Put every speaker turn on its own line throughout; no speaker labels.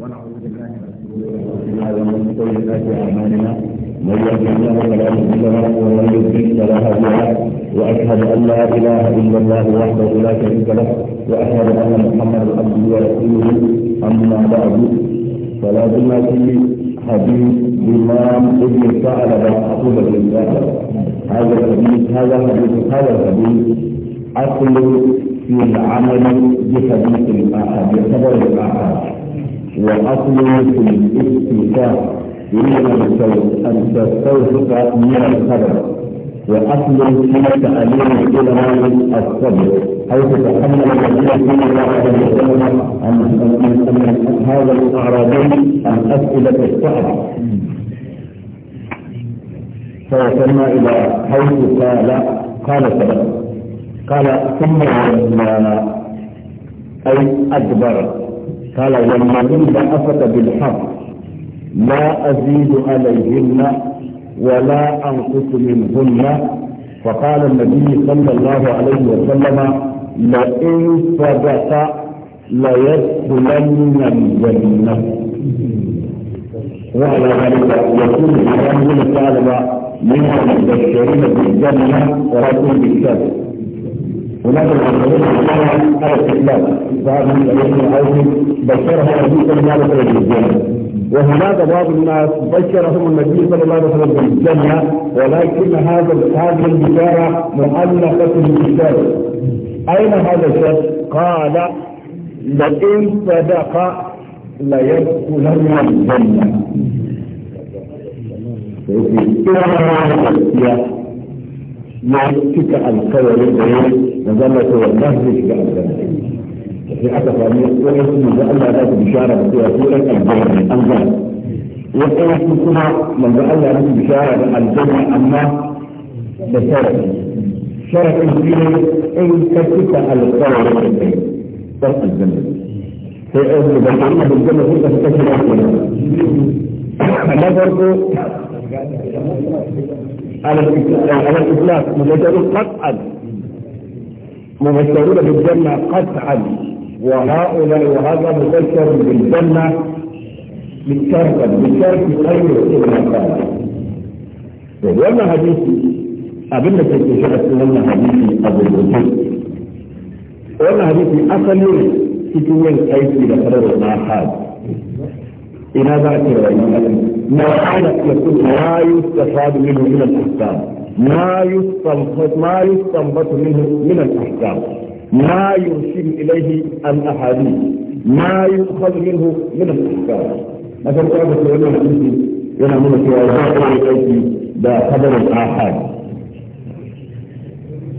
ونعوذ بالله من ومن سيئات اعمالنا من يهده الله فلا مضل له ومن يضلل فلا هادي له واشهد ان لا اله الا الله وحده لا شريك له واشهد ان محمدا عبده ورسوله اما بعد فلا بد في حديث الامام ابن ثعلبه عقوبه لله هذا الحديث هذا الحديث هذا الحديث اصل في العمل بحديث الاحد بخبر الاحد وأصله في الاستيثاق من الشوق أن تستوثق من الخبر وأصله في تعليم العلماء الصبر حيث تحمل النبي صلى الله عليه وسلم أن هذا الأعرابي اسئله الصعبة فوصلنا إلى حيث قال قال سبب قال ثم لما أي أدبر قال لما والذين بأفت بالحق لا أزيد عليهن ولا أنقص منهن فقال النبي صلى الله عليه وسلم لئن صدق ليدخلن الجنة وعلى ذلك يقول الإمام بن سالم من المبشرين
بالجنة ورجل
بالكذب وهناك بعض الناس بشرهم النبي صلى الله عليه وسلم بالجنه ولكن هذا هذه البشاره معلقه بالكتاب اين هذا الشخص؟ قال لئن صدق ليدخلن الجنه إلى ما يا يعطيك القول نظمت وقهد الجهد في حتى فهمية كويس نزال الله لك بشارة بسيطورة الجنة الجنة وقوة كما من جعل الله لك بشارة الجنة أما بسارة شارة الجنة أي كتك القرار الجنة طرق الجنة في أول بحرنا بالجنة فقط في كتك الجنة أما برضو على الإطلاق مجدد قطعا ممثلون بالجنة قطعا وهؤلاء وهذا مبشر بالجنة بالشرق بالشرق خير من قال وأما حديثي أبنة الشيخ أسلمنا حديثي أبو الوجود وأما حديثي أصلي تتوين أيدي لقرر ما حاد إن هذا أكبر ما حالك يكون لا يستفاد منه من الأحكام ما يستنبط ما يستنبط منه من الاحكام ما يرشد اليه الاحاديث ما يؤخذ منه من الاحكام مثلا قاعدة العلماء الحديثي ينا من الشيوخ الحديثي ده خبر الاحاد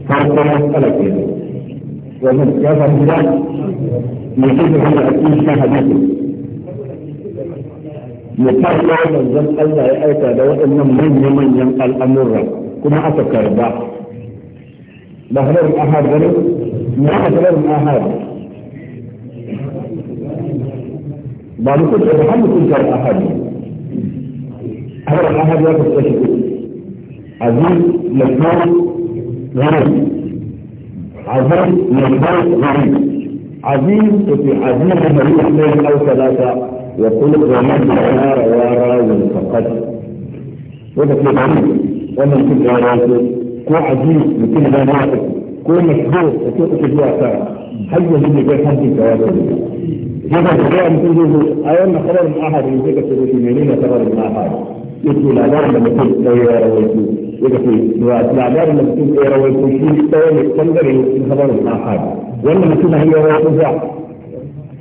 فرق مسألة كده ومن كيف الهلال يجب ان يكون في حديثه mutum ya manzan Allah ya aika da waɗannan manya-manyan kuma aka karba ba halarin ahad gani na aka halarin ahad ba mutum da har mutum da ahad halarin ahad ya kusa shi aziz lafiyar gari aziz lafiyar gari aziz da ke aziz da mai yanayin aukalata وقل ومن عار وراو فقد وده في wannan mutum ya rawaito ko hadis mutum ya rawaito ko mashhur da ke uku zuwa tara har yanzu ne kai hancin ka ya rawaito yana da gaya mutum zai zo a wannan kabarin ahadi zai ka ce da shi menene kabarin ahadi yake labarin da mutum ɗaya ya rawaito ya ka ce labarin da mutum ɗaya ya rawaito shi ɗaya ne ɓangare ne cikin kabarin ahadi wannan mutum na iya rawaito sa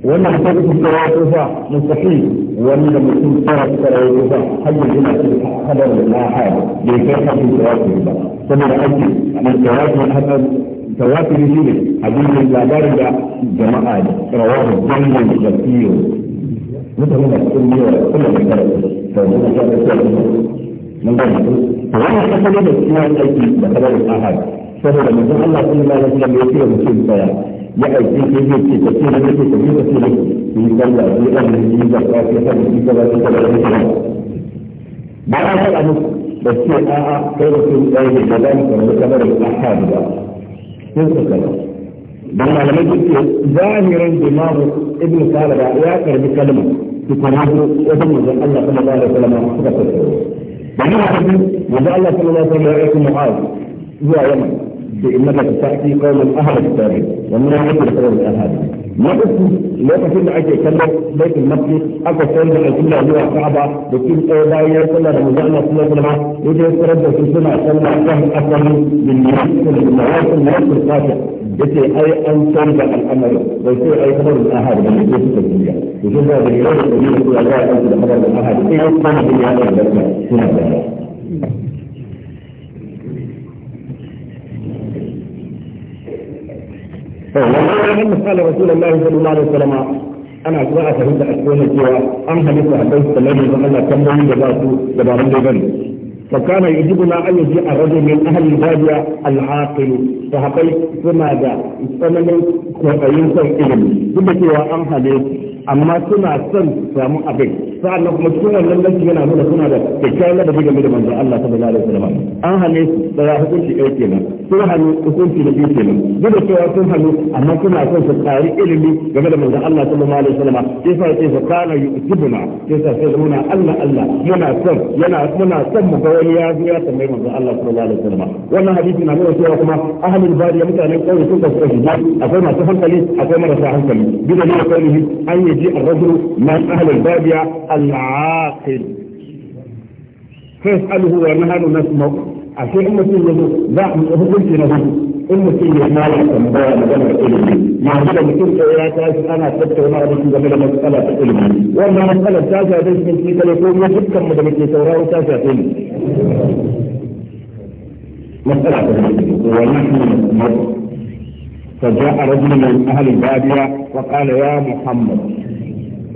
wannan mutum ya rawaito sa mustahil wani da mutum tara tara ya zuba har yanzu na cikin hadar da na haɗa da ya kai haɗin tawafi ba saboda ake na tawafi haɗar tawafi shi ne abin da labarin da jama'a da rawahu zangon da fiyo mutane da cikin biyar kuma da kare da wani da ya kai mun gani to wannan kasance da cikin aiki da kadar da haɗa saboda mutum Allah sallallahu alaihi wasallam ya ce mutum tsaya ya aiki ke zai ce ta ce da ke ta yi ta ce da ke yi kalla zai ɗan da yi da ta ce ta yi ta ba ta ta da ta ba a faɗa musu da ce a a kai da sun ɗaya ne da zai karɓi kamar da ta ta ba sun su kalla dan malamai duk ce zahirin imamu ibn salaba ya karɓi kalma tukuna ko wajen manzon Allah sallallahu alaihi wasallam suka tattauna dan haka manzon Allah sallallahu alaihi wasallam ya aika mu'az zuwa yamma بانك تاتي قوما اهل الكتاب ومن يحب القوم الاهل ما قلت لا تفيد عايز يتكلم بيت المقدس اكو سنه الجمله اللي هو كعبه بكل اي بايه صلى الله عليه وسلم يجي يتردد في سنه صلى الله اكثر من يحصل من يحصل من يحصل القاطع يجي اي ان ترجع الامر ويصير اي خبر من الاهل من يجي في الدنيا يجي هذا يقول الذي يا الله يقول خبر الاهل ايه يصنع بالله هذا هنا ومن قال رسول الله صلى الله عليه وسلم انا اقرا فهمت اكون الجوار ام حديث حديث الذي تملى كم من يبعث يبعث فكان يجبنا أن يجيء الرجل من أهل البادية العاقل فهقي سنة سنة kwaɗayin son ilimi duk da cewa an hale amma suna son samu abin sa'annan kuma cikin wannan lanci yana nuna suna da kyakkyawan ladabi game da manzon Allah sallallahu alaihi wasallam an hale su da hukunci ɗaya kenan sun hannu hukunci da biyu kenan duk da cewa sun hannu amma suna son su tsari ilimi game da manzon Allah sallallahu alaihi wasallam sai sa yake fa kana yu'tibuna sai muna muna yana muna mu ga wani ya zo ya tambayi manzon Allah sallallahu alaihi wasallam wannan hadisi na nuna cewa kuma ahlul bariya mutanen kauye sun ka suka hijab akwai masu hankali akwai marasa hankali bisa ne kauye an yaji ar-rajulu min ahlul bariya al-aqil fasaluhu wa nahnu nasma ashe in mutum ya zo za a hukunci na hukunci in mutum ya mala tambaya maganar ilimi yanzu da mutum ɗaya ya tashi ana tattauna da shi game da matsala ta ilimi wannan matsalar ta shafe shi ne kare ko mu dukkan mu da muke sauraro ta shafe ni مسألة ونحن نمر فجاء رجل من أهل البادية وقال يا محمد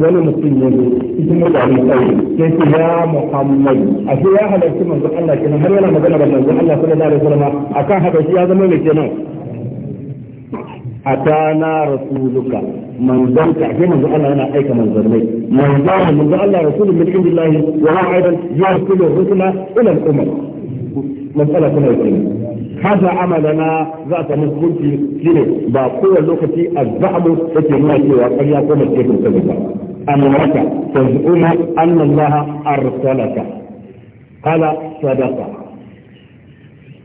wani mutum ya zo cikin mutane ya muhammadu a ce ya halarci manzo Allah kenan har yana magana da manzo Allah sallallahu akan haka ya zama mai kenan أتانا رسولك من ذنك عزيما ذو الله أنا أيك من ذنك من ذنك من ذو رسول من عند الله وها أيضا يرسل الرسل إلى الأمم مسألة كما يقول هذا عملنا ذات مسؤول في كيلو باقوة لوكتي الزعب التي هناك وقال يا قوم الكيكو كذبا أمرك أن الله أرسلك قال صدقه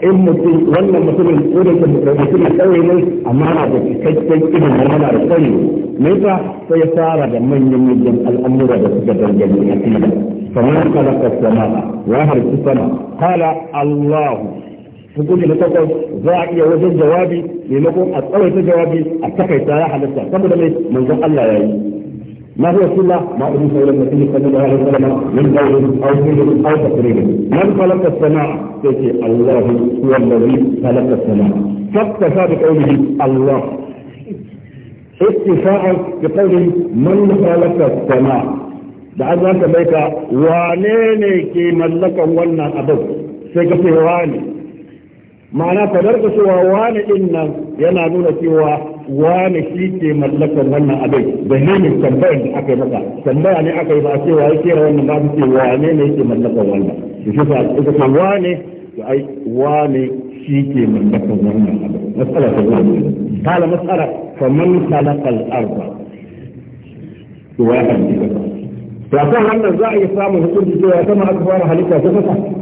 in mutum wannan mutumin wurin da mutumin tsauye ne amma na da cikakken irin da yana da tsari ne ta sai fara da manyan manyan al'amura da suka dangane a fili kamar kalaka sama ya harfi sama kala Allahu hukunci na takwas za a iya wajen jawabi maimakon a tsawaita jawabi a takaita ya halitta saboda mai manzon Allah ya yi ما هو السنة ما أريد إلى النبي صلى الله عليه وسلم من قول أو فعل أو تقرير من خلق السماء sai ce Allah huwa allazi khalaqa sama fakka da qawlihi Allah ittifa'an da qawlihi man khalaqa sama da an zanta bai ka wane ne ke mallakan wannan abin sai ka ce wane ma'ana ka darka cewa wane din nan yana nuna cewa wane shi ke mallakan wannan abin da ne ne tambayar da aka yi maka tambaya ne aka yi ba a cewa ya kera wannan ba ce wane ne ke mallakan wannan يشوف إذا كان واني وأي واني شيكي من بكر مهمة مسألة الأرض قال مسألة فمن خلق الأرض واحد فأصبح أن الزعي إسلام الحكومة تقول كما أكبر حليك جفتا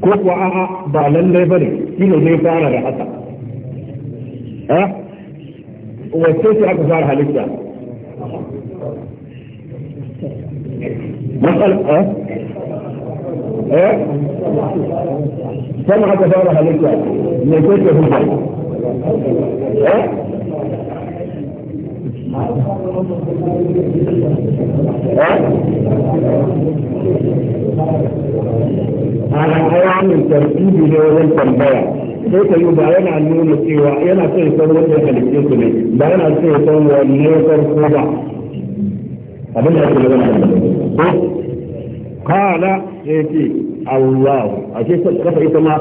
كوكو أعا بعلن ليبري كينو ليبارا لحتا أه وكيف أكبر حليك مسألة أه إيه؟ سمع تفارها لك لكي ها؟ أنا أعمل ترتيب لأول تنبيه سيك يو بايان عن نون السيوة يانا سيه صوى سيه خليك يسمي بايان عن سيه صوى النيوكر صوى أبنى سيه صوى النيوكر صوى قال يأتي الله أشياء كفى إتما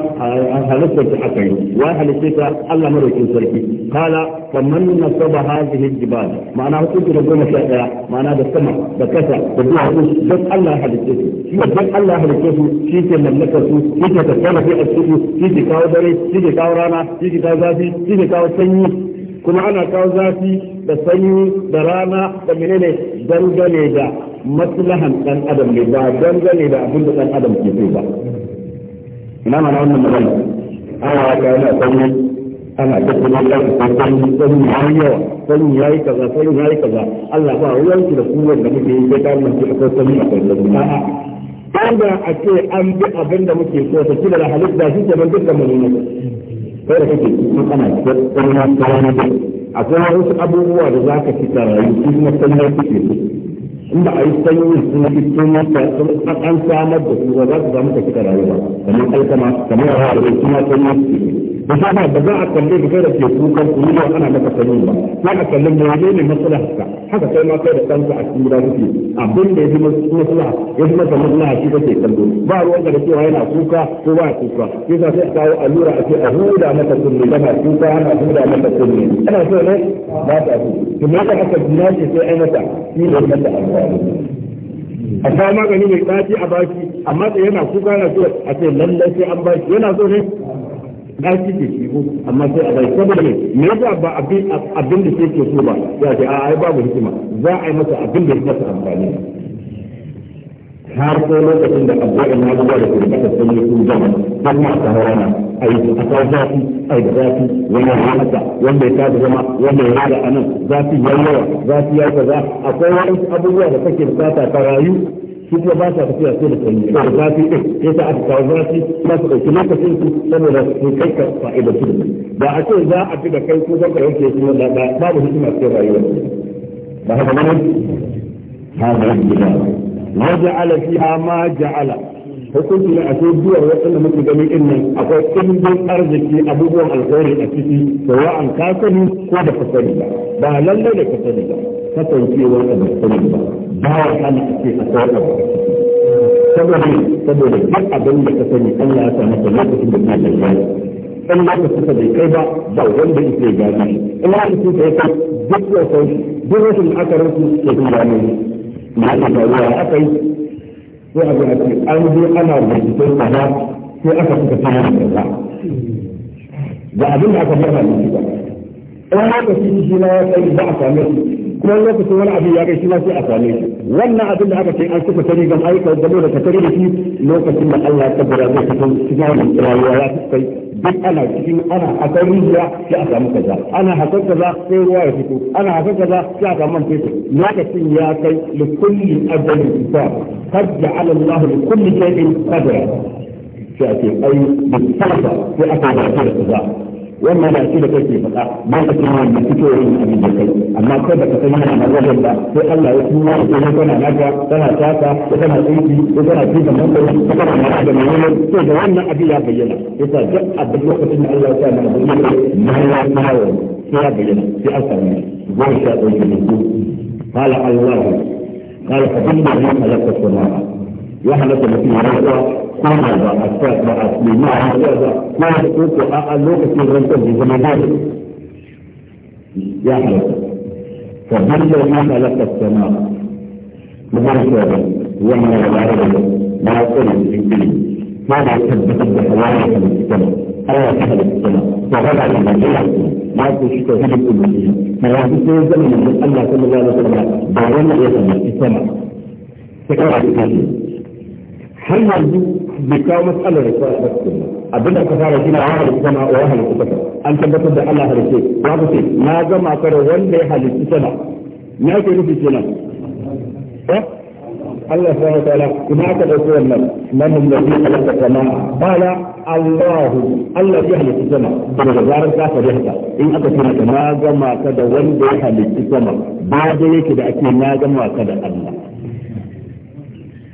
هلسة أكي وهلسة الله مرك سركي قال فمن نصب هذه الجبال معناه كنت نقول شيئا معناه بالسماء بالكسر بالنعوش بس الله هلسة شيء بس الله هلسة شيء مملكة شيء تتكلم في السوق شيء كاو دري شيء كاو رانا شيء كاو زافي شيء كاو سني kuma ana kawo zafi da sanyi da rana da menene dangane da maslahan dan adam ne ba dangane da abin da dan adam ke so ba ina mana wannan magana ana ga yana sanin ana ta kuma ya ku san san yayi yawa san yayi kaza san yayi kaza Allah ba ruwan ki da kuwar da muke yi sai ta mun ki akwai sanin akwai sanin a'a da a ce an bi abin da muke so ta kila da halitta shi ke ban dukkan mu ne kai da kake kuma kana da tsarin tsarin akwai wasu abubuwa da zaka fitar rayu kuma sanin kake so inda a yi sanyi suna fito mata an samar da su ba za su samu ta kika rayuwa kamar alkama kamar yara da kuma sanyi su da sama ba za a kalle ka kai da ke kukan kuma ba ana maka sanin ba za ka kalle da wani ne maslaharka haka kai ma kai da kanka a cikin guda kuke abin da ya fi maslaha ya fi masa maslaha shi kake kallo ba ruwanka da cewa yana kuka ko ba kuka sai sa sai a kawo allura a ce a huda mata kunne kana kuka ana huda mata kunne ana so ne ba ta so kuma haka aka jira ce sai ai mata shi ne mata amfani a kawo magani mai tsafi a baki amma da yana kuka yana so a ce lallai sai an baki yana so ne na shi ke shi amma sai a bai saboda ne me yasa ba abin da ke ke so ba ya ce a ai babu hikima za a yi masa abin da ya masa amfani har sai lokacin da abuwa na zuwa da kuma aka sanya su zama don ma ta hawana a yi a kawo zafi a yi zafi wani halatta wanda ya tada zama wanda ya rada a nan zafi ya yawa zafi ya kaza akwai wani abubuwa da kake bukata ka rayu shi kuma ba sa tafiya sai da sanyi da zafi din sa aka kawo zafi ba su ɗauki lokacin su saboda su kai ka fa'idar su da a ce za a fi da kai ko zaka yanke su ba babu hikima cikin rayuwa ba haka ba ne hada gida wa ja'ala ha ma ja'ala hukunci ne a ce duwar waɗanda muke ganin in nan akwai ɗimbin arziki abubuwan alkhairi a ciki da an ka sani ko da ka sani ba ba lallai da ka sani ba kasancewa da ka sani ba ba ya ka ce ka sauka ba saboda saboda duk abin da ka sani Allah ya sa maka lokacin da ka yi in ma kusa bai kai ba ba wanda yake gani in ma kusa kai ka duk da kai duk rashin akarin su ke gani ma ta ruwa akai sai a ce an je ana binciken kaza sai aka suka fara da kaza ba abin da aka fara da shi ba in ma shi na ya kai ba a same shi kuma lokacin wani abu ya gaishe sai a same shi wannan abin da aka ce an suka sani gan aika da da ka da shi lokacin da Allah ya tabbara zai fito cikin wannan rayuwa ya kai duk ana cikin ana hakan rijiya sai a samu kaza ana hakan kaza sai ruwa ya fito ana hakan kaza sai a samu man fetur lokacin ya kai li kulli ajalin kitab qad ja'ala Allah li kulli shay'in qadra sai a ce ai bi sai aka ba kaza wannan na shi da kake faɗa ba ka san abin da kai amma kai da ka san yana da sai Allah ya kuma ya kuma kana naka kana taka ko kana tsinki ko kana tuka mangoro ko kana mara da to da wannan abin ya bayyana yasa duk lokacin da Allah ya sa mana na ya mahawa sai ya bayyana sai an samu goma sha ɗauke da قال الله قال فإنه خلق يحدث في رأسه كما أستطاع بمعنى ما يحدث أقلوك في رأسه بزمن ذلك يحدث فبدل ما خلق السماء مبارك وما يعرض ما يقول في الدين ماذا يثبت بحوالك من السماء ألا تحدث السماء وغدا لما جاء ما يكون شيء تهدف المسيح ما يحدث زمن من الله صلى الله عليه وسلم دورنا يسمى السماء تكرر الكثير har yanzu bai kawo matsalar da kawai sarki abin da aka fara shi na wa halittu sama wa halittu sama an tabbatar da Allah halitte ya ku ce na ga kare wanda ya halittu sama ya ke nufi ke nan eh? Allah subhanahu wa ta'ala kuma aka dauko wannan man alladhi khalaqa sama qala Allah Allah ya halitta sama daga zarar ka fara haka in aka ce na ga kada wanda ya halitta sama ba da yake da ake na ga kada Allah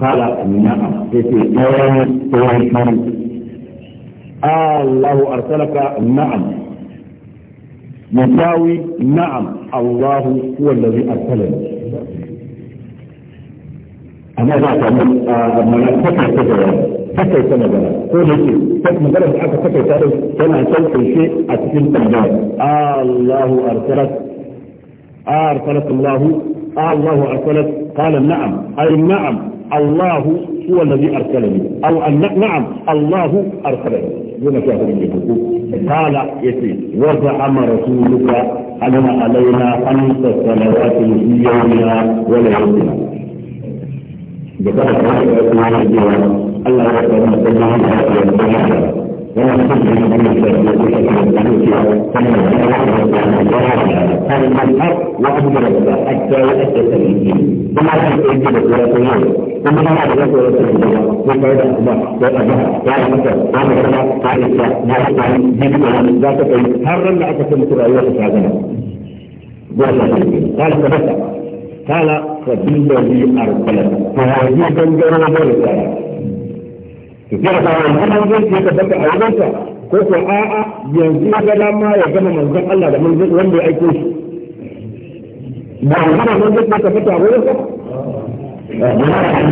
قال نعم. نعم؟,
نعم
الله أرسلك نعم يساوي نعم الله هو الذي أرسلني
أنا ذا آه، كان من فكر فكر فكر
سنة حتى فكر سنة كان الله أرسلك آه، أرسلك الله آه، الله أرسلك قال نعم أي نعم الله هو الذي أرسلني أو أن نعم الله أرسلني هنا كافر يقول قال يسير وزعم رسولك أن علينا خمس صلوات في يومنا وليلتنا
ذكرت الله يقول الله يقول المذهب
وأمر حتى يؤسس الدين ثم كانت أنت بسورة ثم كانت أنت بسورة الله وقال أخبار وأبها قال مكة قال كذا قال إسراء ما تفعل دين كلام لا تفعل هر لا تكون ترى قال ثبت قال فبالذي أرسلك فهذه جنجرة ذلك yana da wannan zai ya tabbata a wajensa ko ko a'a yanzu ya ga dama ya gama manzon Allah da manzon wanda ya aiko shi ba manzon a'a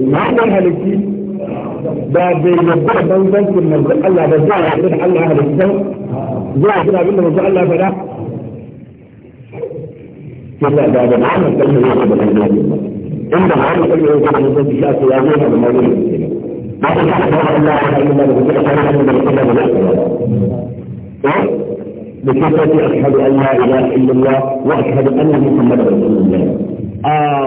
ma'anar باب يبقى بنزل في المنزل الله بزاع يحضر الله هذا الزوء زاع يحضر الله بزاع الله فلا كلا باب العام الكلمة يحضر الله بزاع إن العام الكلمة يحضر الله بزاع في آخر يومين هذا الموضوع ما تشعر الله على الله على الله بزاع فلا حضر الله بزاع الله بزاع بكثرة أشهد أن لا إله إلا الله وأشهد أن محمد رسول الله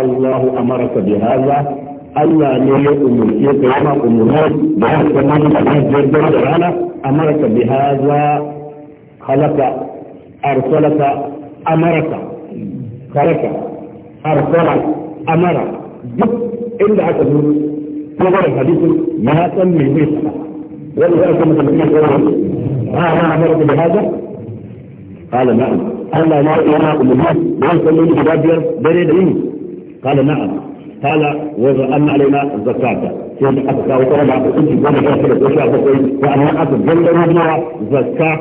الله أمرك بهذا Allah ne ya umurce ka yana umurai da ya zama da hajjar da rana amarka bi haza halaka arsalaka amarka halaka arsala amara duk inda aka zo ko da hadisin ya san me zai faɗa wani ya san mutum ya kawo ha ha amarka bi haza قال نعم قال لا إله إلا الله وأنت من كتاب دليل قال نعم قال وأن علينا الزكاة في الأزكاة وطبعا أنت وانا بقول زكاة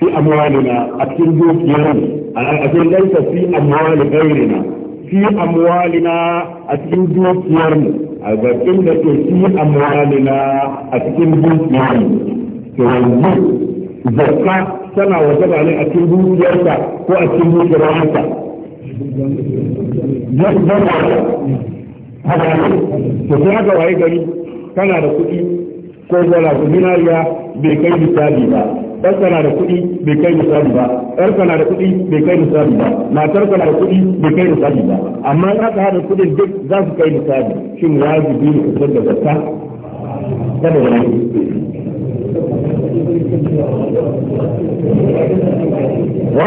في أموالنا أكل دوكيان أكل ليس في أموال غيرنا في أموالنا أكل دوكيان في أموالنا أكل زكاة سنة وجب عليه أكل دوكيان وأكل دوكيان to sai haka waye gari kana da kuɗi ko dola ko dinariya bai kai misali ba ɗan kana da kuɗi bai kai misali ba ɗan kana da kuɗi bai kai misali ba matar kana da kuɗi bai kai misali ba amma in aka haɗa kuɗin duk za su kai misali shin wajibi ne fitar da zakka
kada da nan wa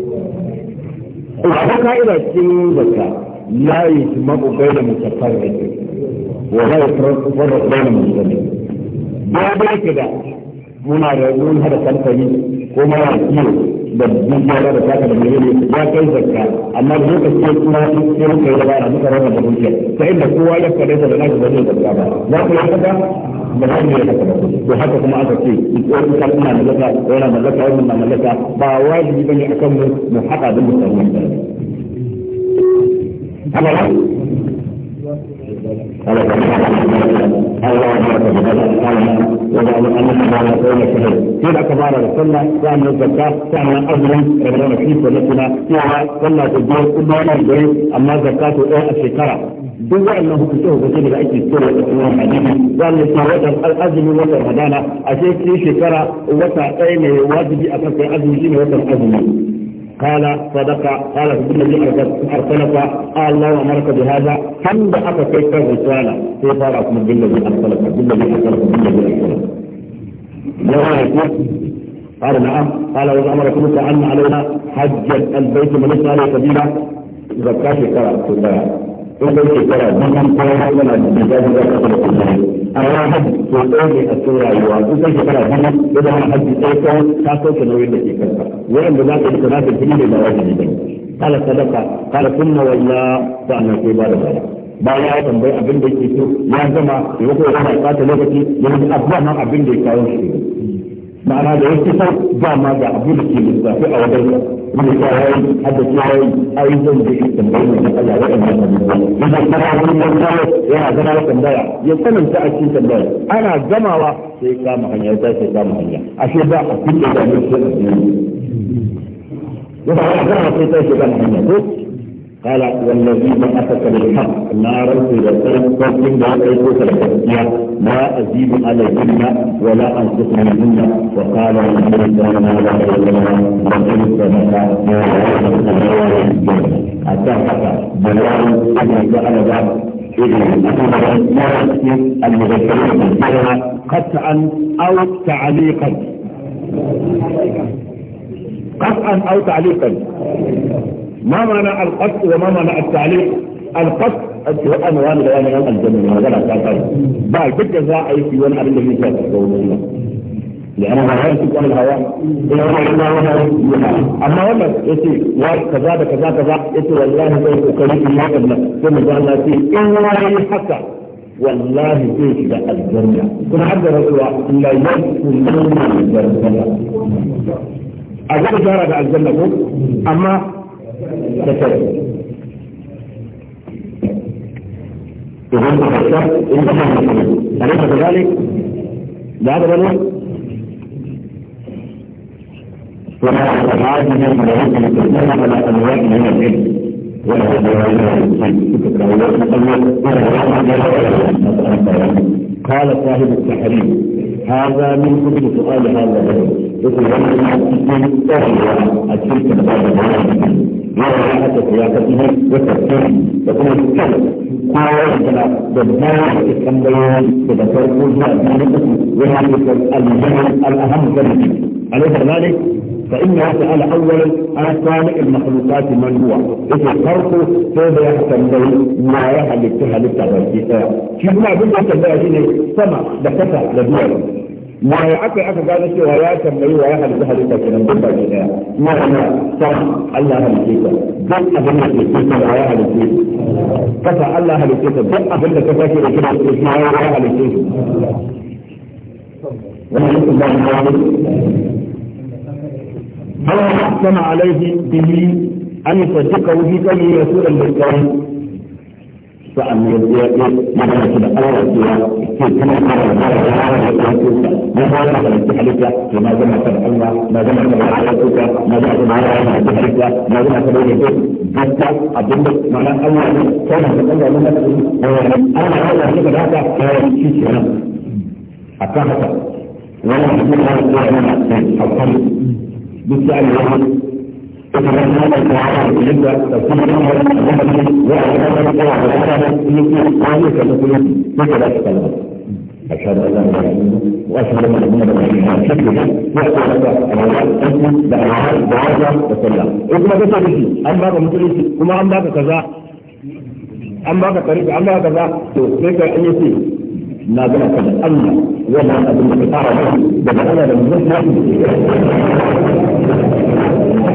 ko ka'ida
ce zakka la yajma'u bayna mutafarrid wa la da bayna mutafarrid ba ba ke da muna da mun hada kamfani ko mara kiyo da dukiya da saka da menene ya kai zakka amma da lokaci ya kuma sai muka yi dabara muka rana da dukiya ta inda kowa ya kare da nashi ba zai zaka ba za ku yi haka ba za mu yi haka ba haka kuma aka ce wani ka kuma mallaka yana mallaka wani na mallaka ba wajibi bane akan mu mu haɗa da mutane haka
قال الله أكبر قال وذلك أنك ما نقول شهيد في الأكبار السنة
وأن الزكاة كان أجرا ربنا في سنتنا فيها صلى في الدور كلها لا يدري أما زكاة الشكرة duk waɗannan hukunce hukunce da ake tsoro da tsoron hadisi za mu ce watan azumin watan hadana a ce shekara wata ɗaya ne wajibi a kan azumi shine watan azumi قال صدق قال ابن الذي ارسلك قال الله امرك بهذا حمد كيف الرساله كيف راك من الذي ارسلك الذي ارسلك الذي ارسلك قال نعم قال واذا امرك موسى ان علينا حجه البيت من اسال سبيلا زكاه شكرا ko shekara biyu ko har yana da zafi da kasa da kuma amma hajji ko ɗaya a cikin rayuwa ko kai shekara biyu ya zama har hajji ɗaya ko ta sauke nauyin da ke kanka wanda za ka yi sana da jini da wajibi kala sadaka kala sunna walla sa'annan sai ba da baya bayan ya tambayi abin da yake so ya gama ya ko ya ɓata lokaci ya yi abuwa ma abin da ya kawo shi ma'ana da yake sau ba ma ga abin da ke lissafi a wajen بالشاهد حد الشاهد ايضا باستمرارية الله وإما إذا كان من الخلق يا زمان تنبايع يقول انت أشي تنبايع أنا جمعة في كام حنيا وتاسي كام حنيا أشي بقى كل ده من شيء يبقى جمعة في تاسي كام حنيا قال والذين أتت بالحق نارا في رسالة فوق من بعد أيضا لا أزيد عليهن ولا أنقص منهن وقال النبي صلى الله عليه وسلم من صدق حتى حتى بلغوا أن جعل ذلك المذكرين قطعا أو تعليقا قطعا أو تعليقا ما معنى القط وما معنى التعليق القط ake wa ana wani da wani yan aljanna ne magana ta kai ba duk za a yi wani abin da zai sa ka wani ba لأن الهواء تكون الهواء أما والله يتي كذا كذا كذا يتي والله زي أكليك الله قبل ثم قال الله يتي إلا يحكى والله زي كذا الجنة كنا عبد الرسول لا يدخلون الجنة أجل جارة الجنة أما تكلم يقول تفكر انت فاهم اليس كذلك؟ بعد ذلك
ولا تتعاد من الملائكه الكثيره ولا اموات من العلم ولا
قال صاحب التحريم هذا من قبل سؤال هذا الرجل يقول لنا أن تهوى الشرك بعد ذلك يرى رأس سياسته وتفكيره يقول الكلب قال لنا بالدار الاسكندرية تذكر كل ذلك وهذه الجهل الأهم أليس كذلك؟ فإنه سأل أولا أنا خالق المخلوقات من هو؟ إذا خلقه كيف يحتمل ما يحل التهلكة والكفاية؟ شوف ما بدنا تبقى سما ده كفى ده ما هي أكي أكي قال شيء ويا تنبي ويا حدث حدثة كنا نبقى جناء ما أنا صح الله هلسيك دل أبنى تسيك ويا هلسيك كفى الله هلسيك دل أبنى تفاكر كنا تسيك ويا هلسيك
ونحن الله
عليه به أن يصدقه في كل رسول الكريم فأنا يبدأ مثلا كده أول سورة في كل مرة مرة مرة مرة مرة مرة تحرك وما زال تبعنا ما زال تبع عائلتك ما زال تبع عائلتك ما زال تبع يدك حتى أبدا معنى أول كان أول من أنا أول كده هذا كان شيء أكاهتا ولا أحد يعلم أن الحكم بالفعل أشهد أن لا إله إلا الله وأشهد أن محمدا رسول الله شكرا يحكي لك الأولاد أسلم دعاء دعاء وسلم وكما بس أن بابا مسلسي وما أن بابا كذا أن بابا طريق أن بابا كذا تو كيف أن يسير ما بلغت الأمن وما أدرك أعرف بدأ أنا لم يسمع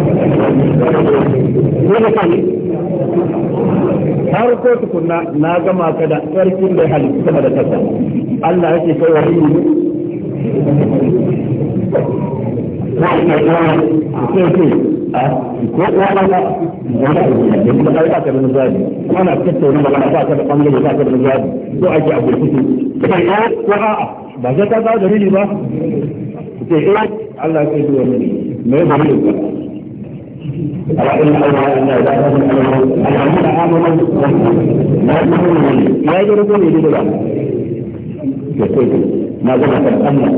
ne har ko tukunna na gama ka da sarkin da hali sama da kasa Allah yake kai wa ko ba da zabi magana ba ka da bangare ba ka zabi ko ake abu ya ko a ba ka ta da ba ke eh, Allah ya kai ne me ba ne
ya yi
rukun ne da ya kai na zama kan Allah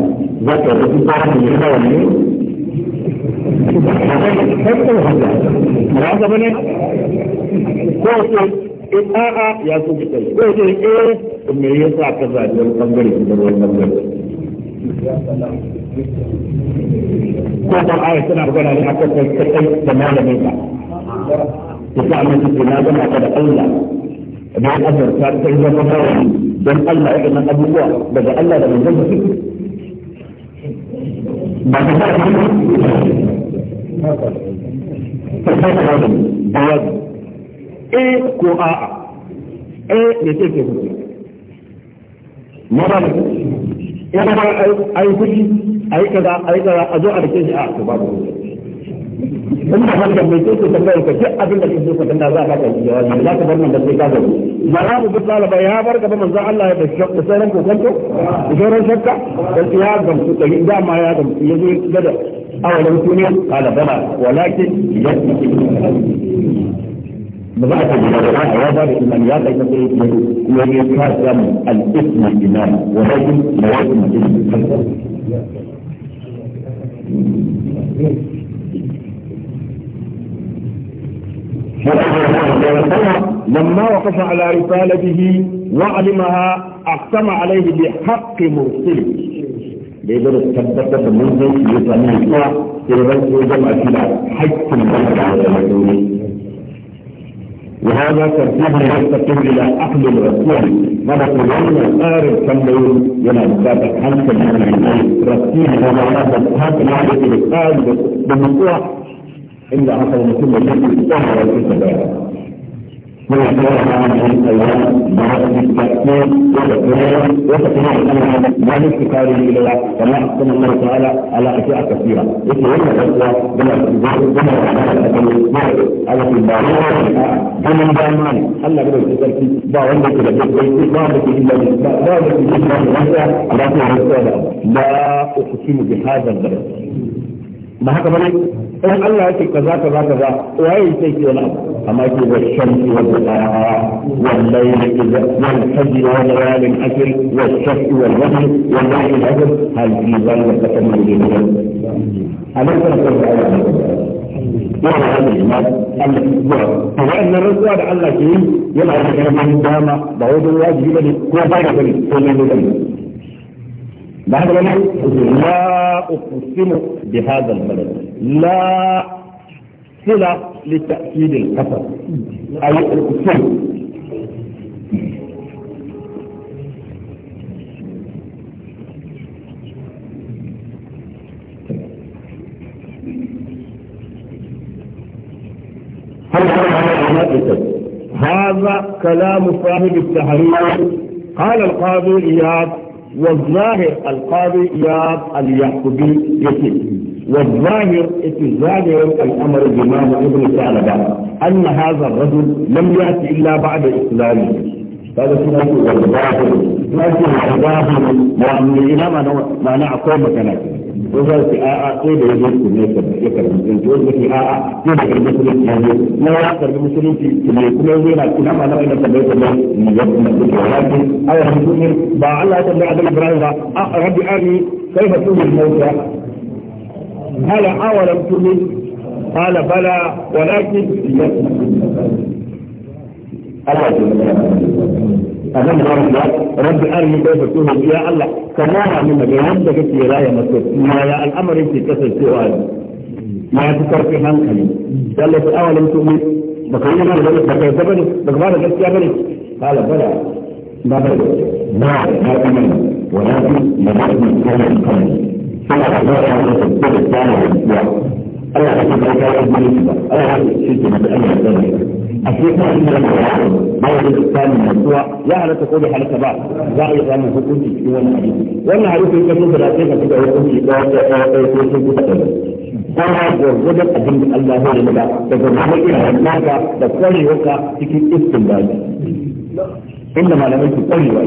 za ka yi rukun fara da yana wanne ba ka ko ce in a'a ya so ki kai ko ce eh me yasa ka bangare da wani bangare ko kan aya tana magana ne akan kai kai da malamin ka ko ta amma ce na gama ka da Allah da an azurta kai zama kawai don Allah ya gina abubuwa daga Allah da manzon da suke ba ta fara ba
ta fara da
bayani eh ko a'a eh ne ce ke hukunci. Mara da in ba a yi kuɗi a yi kaza a yi kaza a zo a rike shi a to babu in da hankali mai sai ku tambayar ka duk abin da ke so ka tanda za ka ka jawabi za ka bar nan da sai ka zabi malamu bi talaba ya bar gaba manzon Allah ya da shakka sauran ko kanto sauran shakka dan ya gamsu da dama ya gamsu ya zo gada awalan kuniya kala bala walakin yadda بضعت الجراحات عوضة الإيمانيات أي نقول ويتكلم الاسم الإمام ولكن لا يتم لما وقف على رسالته وعلمها أقسم عليه بحق مرسله لذلك تثبت منذ الله في رجل جمع كده حق مرسله وهذا ترتيب يرتقي الى عقل الرسول نبقى لنا قارب كم يوم ينام ذات حلقة من العلم رسيب وما هذا نبقى هات معرفة القارب بالمقوع إلا عقل كل شيء ظهر الكتاب ويتوقع عن الأيام بعد التأكيد والإقرار وتقرار أنها بعد افتقاره إليها كما أحسن الله تعالى على أشياء كثيرة. إذن هنا الأخوة بما بما على في البارية بما دائما ألا بدو تسلكي با عندك لديك بيتي با عندك إلا با عندك إلا لا أقسم بهذا البلد ba haka bane in Allah yake kaza kaza kaza waye sai ke wani abu amma yake wa shamsi wa duhaa wal layli idha wal fajr wa layalin ashr wa shafi wal wahr wa nahi al-asr hal fi zalika tamamu lillah alaka ta'ala وهو هذا الإمام وأن الرسول على الله شيء يلعب كلمة دامة بعوض الواجب بني هو بايع بني هو من بني بعد ما لا أقسم بهذا البلد لا صلة لتأكيد القسم أي أقسم هذا كلام صاحب التحرير قال القاضي إياد والظاهر القاضي ياب اليعقوبي يكي والظاهر ظاهر الامر الامام ابن ثعلبه ان هذا الرجل لم ياتي الا بعد اسلامه هذا سنة الظاهر لكن الظاهر يعني الى ما نعقوم كلامه ko za su a'a ko da yaje ku ne ka ya karbi musulunci wanda ke a'a ko da karbi musulunci ya zo na ya karbi musulunci ku ne kuma yanzu yana kina ma na ina tambaye ka ni ya kuma ku ya rafi ay rahmutullahi ba Allah ta da Adam Ibrahim ba rabbi arni kaifa tuhil mawta هل أولم تؤمن قال بلى ولكن Allah ke maka abin da zan ga rabbi arni bai fito ne ya Allah ka nuna min daga yadda kake raya masu ma ya al'amarin ke kasancewa ma ya fi karfi hankali Allah ta awalin tu'min baka yi mana da baka yi bane baka ba da gaskiya bane kala bala ba ba na na kuma wala fi na ba ni kana kana sai ka ga ya ta da tsara gaskiya ana da kuma ta yi mulki ba ana da shi ke na ana da a ce kuma in da ba ya da samun nutsuwa ya halatta ko da halatta ba za a yi samun hukunci cikin wannan hadisi wannan hadisi ya ka so da sai ka tuka hukunci da wata ɗaya ko sun kuka ɗaya kuma gwargwadon abin da Allah ya yi da da gwargwadon irin naka da kwarewarka cikin istinbali inda malamai su kwarewa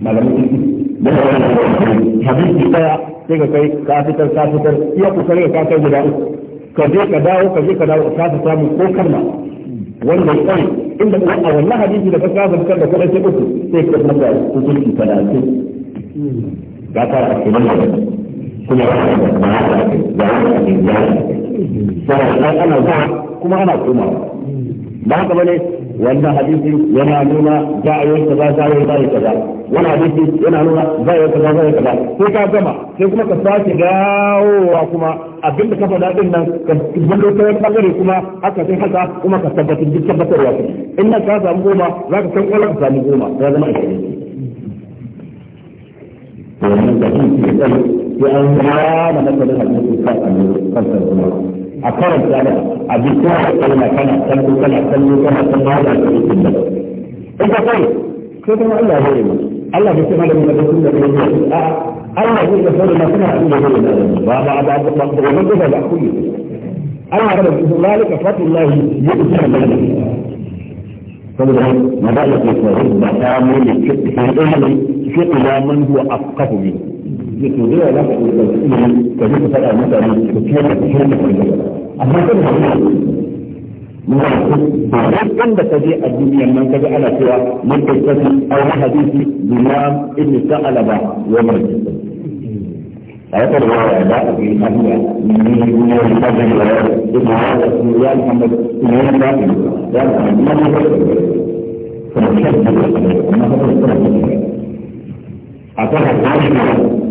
malamai su hadisi daya sai ka kai kafitar kafitar iya kusa a kai guda uku ka je ka dawo ka je ka dawo ka ta samu ko karma wannan ya kai inda ko a wannan hadisi da ka kaza fitar da kuɗin sai uku sai ka maka hukunci talatin ba ta a cikin wannan kuma ba ta ba ta da ya yi da ya yi ba ana zuwa kuma ana komawa ba haka ba wanda hadisi yana nuna za a yi kaza za a yi za a yi kaza wani hadisi yana nuna za a yi kaza za a yi kaza sai ka gama sai kuma ka sake dawowa kuma abin da ka faɗa din nan ka zallo ta wani bangare kuma haka sai haka kuma ka tabbatar duk tabbatarwa ku in nan ka samu goma za ka san kwallon ka samu goma ya zama ashirin wannan da shi ke tsaye sai an rana masa da hadisi kan kan kan أنا أكرم سنة أبي سنة كلمة كنا سنة كنا سنة كنا سنة هذا سنة كنا أنت طيب كيف ما الله هو يوم الله بسم الله من الله سنة كنا سنة الله هو يسأل ما سنة كنا هو يوم وهذا عبد عبد الله بن عبد الله كل الله رب ذلك فضل الله يبسم الله فلذلك ما بالك بسم الله ما كان من الشيطان في قيام هو أفقه منه da to da yawa ka ɗauka su ilimi ka je ka faɗa mutane da fiye da fiye da fiye amma kan da muna ko duk inda ka je a duniyan nan ka ga ana cewa man tabbata aw hadisi imam ibn sa'alaba wa marji ayata da waya da a cikin hadiya ni ne ne da da waya da waya da ya Muhammad ne da da ya Muhammad kuma shi da kuma kuma akan
hadisi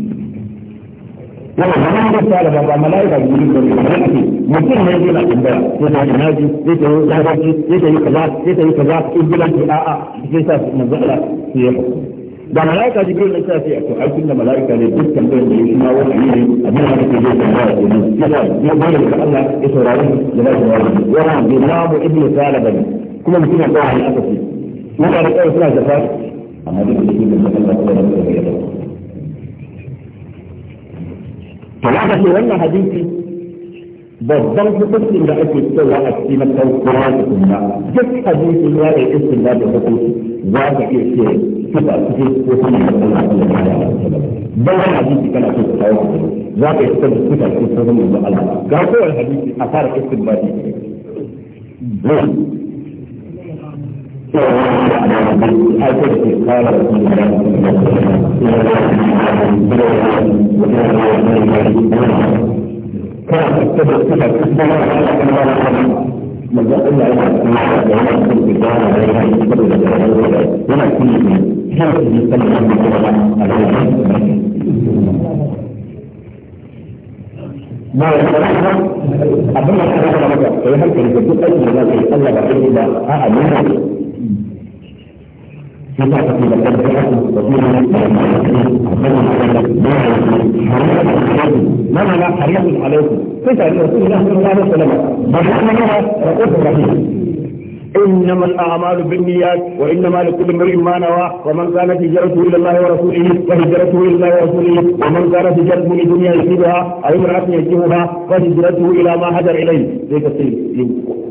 yana zaman da tsara ba ba mala'ika ne ne da mala'ika mutum ne yana tambaya ko ta yi naji ko ta yi lafarci ko ta yi kaza ko ta yi kaza ko bilan ki a'a sai sa manzo Allah sai ya da mala'ika jibril ne sai ya to ai tunda mala'ika ne duk tambayar da yake ma wani ne abin da yake zai tambaya ko ne yana ya bayar da Allah ya saurari da ba shi yana bi namu ibnu talaba kuma mutum ya ba ni aka ce mutane kai suna jafa amma duk da yake da Allah ya saurari da ya to ce wannan hadisi babban hukuncin da ake cewa a cikin taukowa da kuma duk hadisi ya da iskin da da hukunci za ka iya ce suka cikin ko kuma da Allah ya kare da wannan hadisi kana so ka kawo za ka iya cikin suka cikin sunan Allah ga kowane hadisi a fara iskin ba ne قال رسول الله كانت تتبع صفة الصلاة على الله مجال على الصلاة ولا تكون في الدار ولا تكون في
الدار ولا تكون في كانت تتبع صفة الصلاة
ما يصلحها أبدا أنا أنا أنا أنا أنا أنا أنا أنا أنا أنا أنا أنا حريص عليكم الله إنما الأعمال بالنيات وإنما لكل امرئ ما نوى ومن كانت هجرته إلى الله ورسوله فهجرته إلى الله ورسوله ومن كانت هجرته لدنيا يصيبها أو امرأة يجيبها فهجرته إلى ما هجر إليه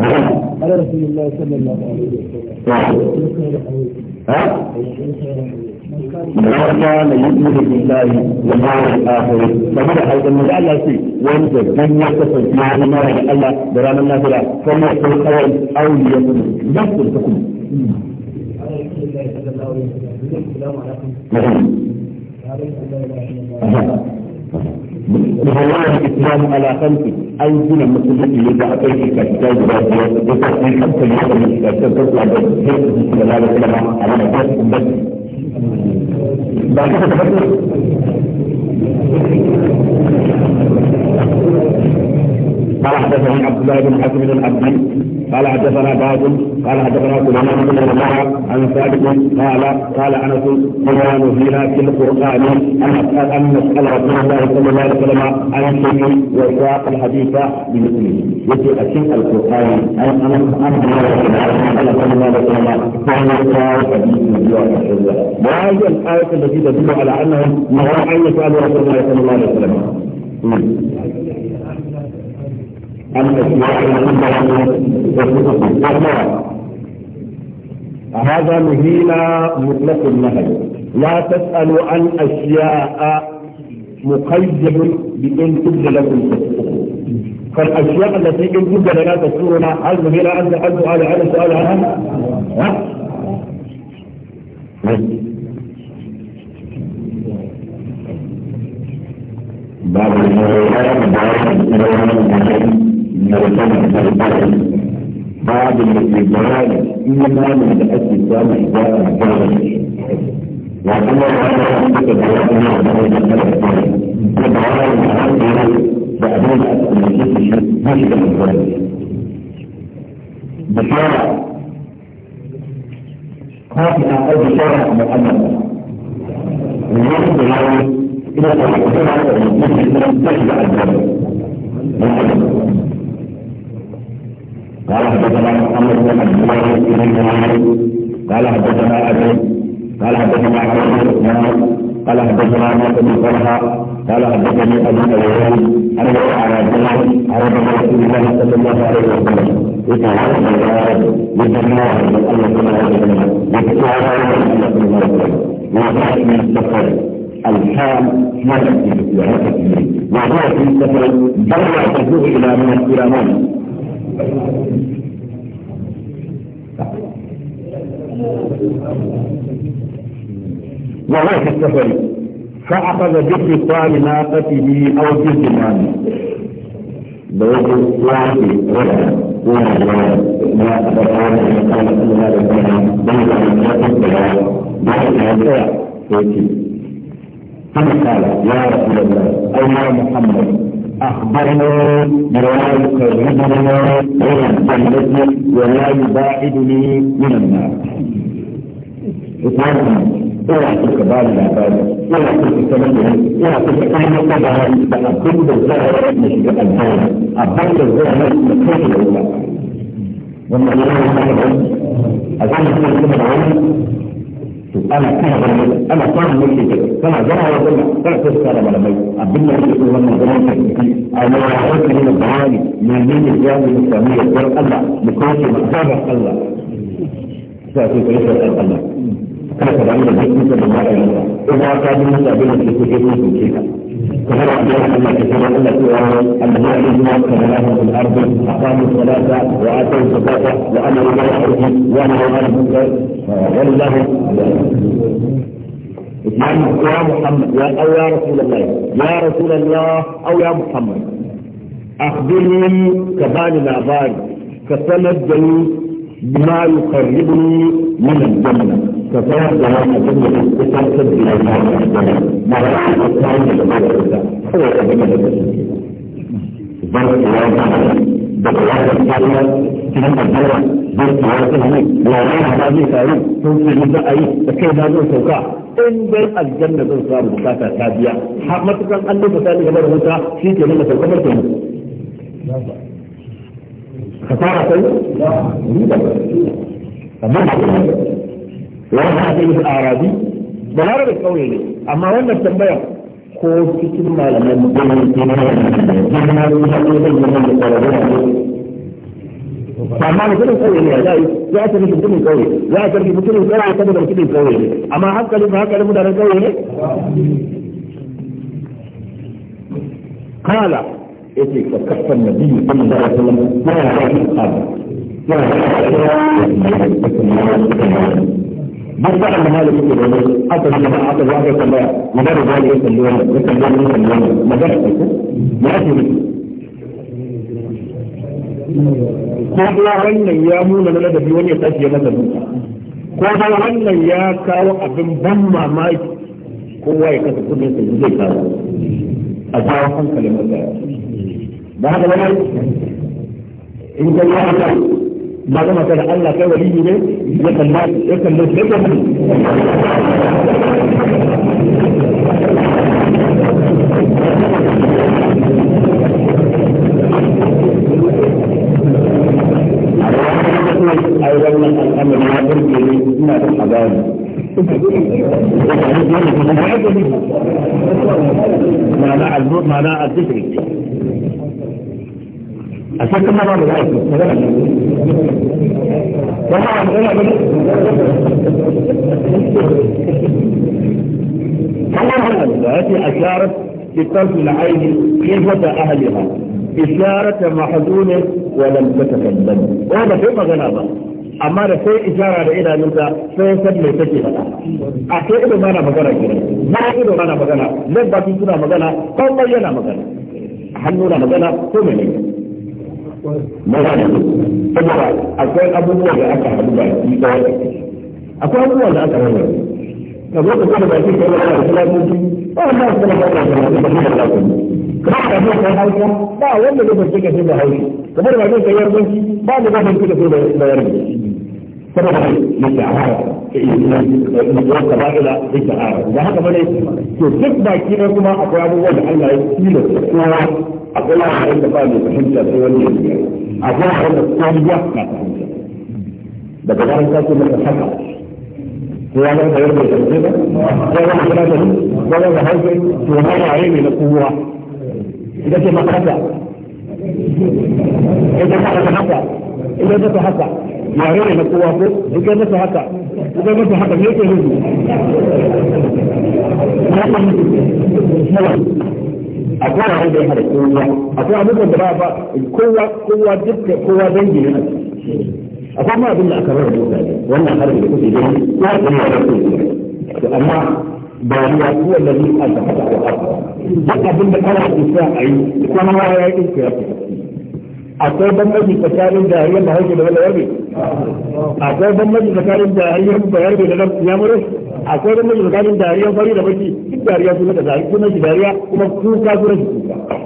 على رسول الله صلى الله عليه وسلم
من كان يؤمن بالله واليوم الاخر
فمن ايضا من الله شيء وانت من يتصل مع المرء الله برام الله بلا فما يقول اول او يقول يقول تكون
السلام عليكم بهوان الاسلام على خمسه
اي كنا مسلمين اللي تعطيه كتاب بابيات بتعطيه خمسه يوم من الكتاب تطلع بالحرص بسم الله الرحمن على مكان بس بعد كده تفكر قال حدثني عبد الله بن حاتم بن العبدي قال حدثنا بعض قال حدثنا سليمان بن رباح عن ثابت قال قال انس كنا نهينا في القران ان نسال ان نسال رسول الله صلى الله عليه وسلم عن شيء وساق الحديث بمثله يجي اشيء القران ان انا الله صلى الله عليه وسلم كان الله حديث النبي عليه الحزب وهذه الايه التي تدل على انهم هو ان يسالوا رسول الله صلى الله عليه وسلم هذا مهينا مطلق النهي لا تسألوا عن أشياء مقيد بأن تبدأ لكم فالأشياء التي إن تبدأ لنا تسألنا هل مهينا أن تحدث على هذا السؤال عنها؟ ها؟
باب نرجع نرجع بعض الاتجاهات إنما من الأسل الثاني إذا أجاب وأنا أنا أنت بعدنا وأنا أنا أنا بعدنا بعدين أتكلم شيء مش بالنسبة بشارة هذه أول بشارة
محمد ويوم بالله إلى أن يكون هذا المسلم تشبع الجبل قال حدثنا محمد بن عبد الله بن قال حدثنا ابي قال حدثنا الله بن عثمان قال حدثنا مات بن طلحه قال حدثني ابو الاولين انا على رجل رسول الله صلى الله عليه وسلم يتعرض الغرائب يتنوع الله صلى الله عليه وسلم يتعرض من الله صلى الله عليه وسلم وضعت من السفر الحال مرت في وعرفت به وضعت من السفر بلغت الى من الى وهو في السفر فأخذ بخصال ناقته أو بزمانه بوجه واحد ولا ولا
ولا ما أخبرنا أن قال كل هذا الكلام بين أن يكون كلام
بين أن يكون فما قال يا رسول الله أو يا محمد أخبرنا بما يقربنا ولا الجنة ولا يباعدني من النار إخواننا ولا تلك بعض العبادة ولا تلك التمدن إلى تلك أهل الطبع فأبد الزهر نشيد الزهر أبد الزهر ومن الله أجل الزهر to ana kana ganin ana samun mulki ke kana zama wa sallah kana sai kana malamai abin da yake so wannan zaman ka yi a yawa yake ne bayani menene jami'i musulmi ya bar Allah mu kace mazhabar Allah sai sai sai Allah kada ka damu da dukkan da ba ka yi ba ka ji musu abin da ke cikin musu ke ka ka fara da Allah ke fara Allah ke wa Allah ya yi wa ka da Allah da ardi aqamu salata wa atu zakata wa amara bil ma'ruf wa nahaw 'anil munkar wallahu إسلام يا محمد يا أو يا رسول الله يا رسول الله أو يا محمد أخبرني كباني الأخبار كسند بما يقربني من الجنة تفاعل جماعة الدنيا تفاصل إلى الله سبحانه ما راح تتعامل مع الإنسان هو كلمة الإنسان بل بقوات الحالة كلمة الدولة بالقوات الهنيك وراها هذه فاروق تنسي مدة أي تكيد هذا السوقع إن بين الجنة الأخرى بكاتا تابية حقمتك أن تسالي غير موسى في كلمة القمر كلمة خسارة wani hadin arabi balarabe kauye ne amma wannan tambayar ko cikin malaman amma mutumin kauye ne ya yi ya tafi mutumin kauye ya tafi mutumin kauye saboda mutumin kauye ne amma hankalin ba hankalin mutanen kauye ne قال يتي فكف النبي صلى الله عليه وسلم ما يعرف هذا ما يعرف هذا duk ba da malami ke da wani aka ji ba aka zo tambaya magana da ya kalli wannan ya kalli wannan ya kalli magana ta ko ya ce ko kuma wannan ya nuna na ladabi wani ya tashi ya masa duka ko da wannan ya kawo abin ban mamaki kowa ya kasa kudin sa zai kawo a kawo hankalin mutane ba haka wani in ga ya haka ba zama ta da Allah kai wali ne ya kalla ya kalla ya kalla ai wannan al'amari ya burge ni ina da habari معنى الذكر أتكلم على الله ما لا لا لا أشارة بالطرف العين خفة أهلها إشارة محدودة ولم تتكلم وهذا في مغنابة أما في إشارة إلى نوزة في سبب تشيرها أكيد ما أنا مغنى ما أكيد ما أنا مغنى لبا تيسونا مغنى قوما ينا مغنى حنونا مغنى كومي akwai abubuwa da aka haɗu ba shi da akwai abubuwa da aka haɗu ka zo ka kada baki kai wani abu ba wanda su da wani abu kuma ka zo ka ba wanda zai ka sai da kamar ba zai kai yarbanci ba wanda zai ka da saboda mai na shahara na tsohon kaba'ila na shahara da haka bane to duk baki na kuma akwai abubuwa da Allah ya tilo kowa akwai labarin da ba mai fahimta sai wani ya akwai labarin da kowa na fahimta daga bayan ka ce maka haka kowa na da yadda ya fahimta ba kowa na da kowa na hausa to na yare ne na kowa idan ce maka haka idan ka haka idan ka haka yare ne na kowa ko in kai masa haka in kai masa haka me yake nufi akwai wani da ya hada kowa akwai abubuwan da ba ba kowa kowa dukkan kowa dangi ne akwai ma abin da aka rarrabe mutane wannan harin da kuke gani ko kuma da kuke amma dariya ko wallahi an da haka ko haka duk abin da kana isa a yi kuma ya yi ku ya fi akwai bambanci tsakanin jariyar da hausa da wani yarbe akwai bambanci tsakanin jariyar da yarbe da yamurai akwai bambanci tsakanin jariyar fari da baki duk jariya suna da jari suna shi jariya kuma kuka suna shi kuka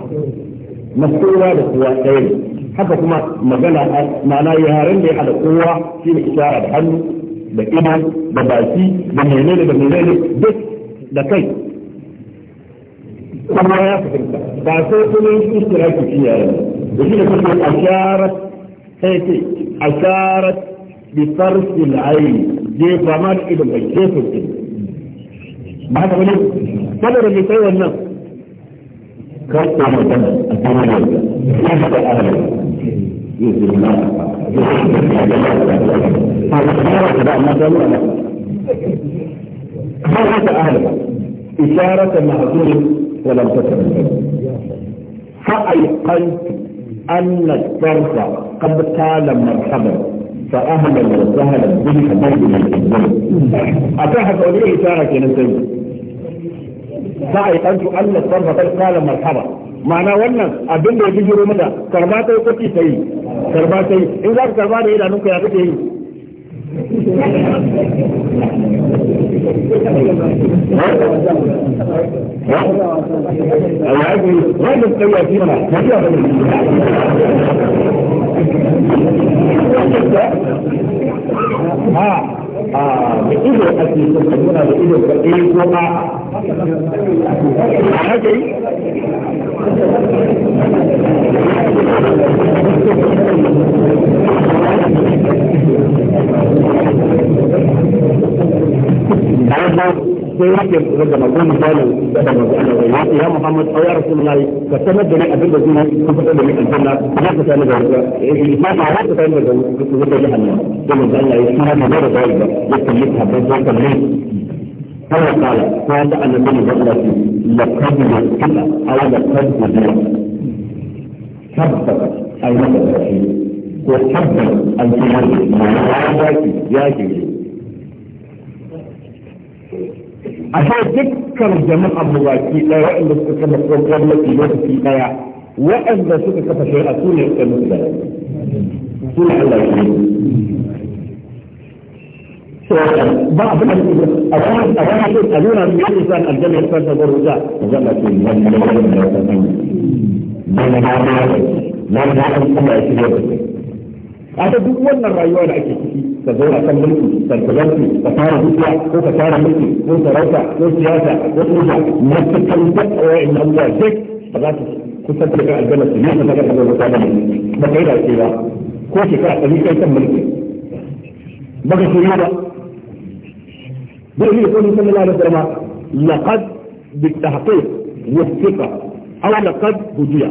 masuwa da kowa ɗaya ne haka kuma magana ma'ana yaren da ya haɗa kowa shi ne ishara da hannu da ina da baki da menene da menene duk da kai kuma ya fahimta ba sai kuma yin ki fiye yaren وهنا تقول أشارت هيتي أشارت بطرف العين دي فمان إذا كيف كده ما هذا وليه قدر اللي سوى النفس كانت تعمل كده التمام كيف أهلا يوسف الله هذا بقى مثلا هذا أهل إشارة معذور ولم تكن فأيقنت أن الطرف قد قال مرحبا فأهلا وسهلا بك بين الإنسان أتاحت أوليه إشارة نسيت سعي أنت أن الطرف قد قال مرحبا ma'ana wannan abin da ya bijiro mata karba ta yi kwaci ta yi karba ta yi in za ka karba da idanunka ya kake yi العجل غير القوية فينا كثيرا ها بإذن أكل تتكلمون بإذن فقير وما عجل Thank you. sai yake da magana malam da magana ya Muhammad aw ya Rasulullahi ka sanar da ni abin da zuwa ku fada da ni aljanna na ka sanar da ni ma ma ka sanar da ni ku fada da hannu da Allah ya sanar da ni da ya kalli ka ban da ni هو قال قال أنا من بلدي لقد مكتب أو لقد مدير كبر أي مدى وكبر الجنود يا جميل a kai dukkan jama'ar mu baki ɗaya waɗanda suka kafa gwamnati lokaci ɗaya waɗanda suka kafa shari'a su ne suka musu da su ne Allah ya yi بعض أوان أوان يسألون عن الإنسان الجنة فرد برجاء وقال لك من لا يمكن أن يكون من لا يمكن أن يكون هذا دون الرأيوان أكيد فهو أحسن منكم فانتظرتي فصارت تسعى وفصار ملكي كنت روضة كنت سياسة كنت رجع ما تتكلم إن الله يهديك فقالت كنت أنت لك الجنة سبيل فقالت لك الرسالة منك بقيت على السيارة كنت كاع تبيك أنت ملكي بقيت سيارة بقيت يقول صلى الله عليه وسلم لقد بالتحقيق والثقة أو لقد بديع،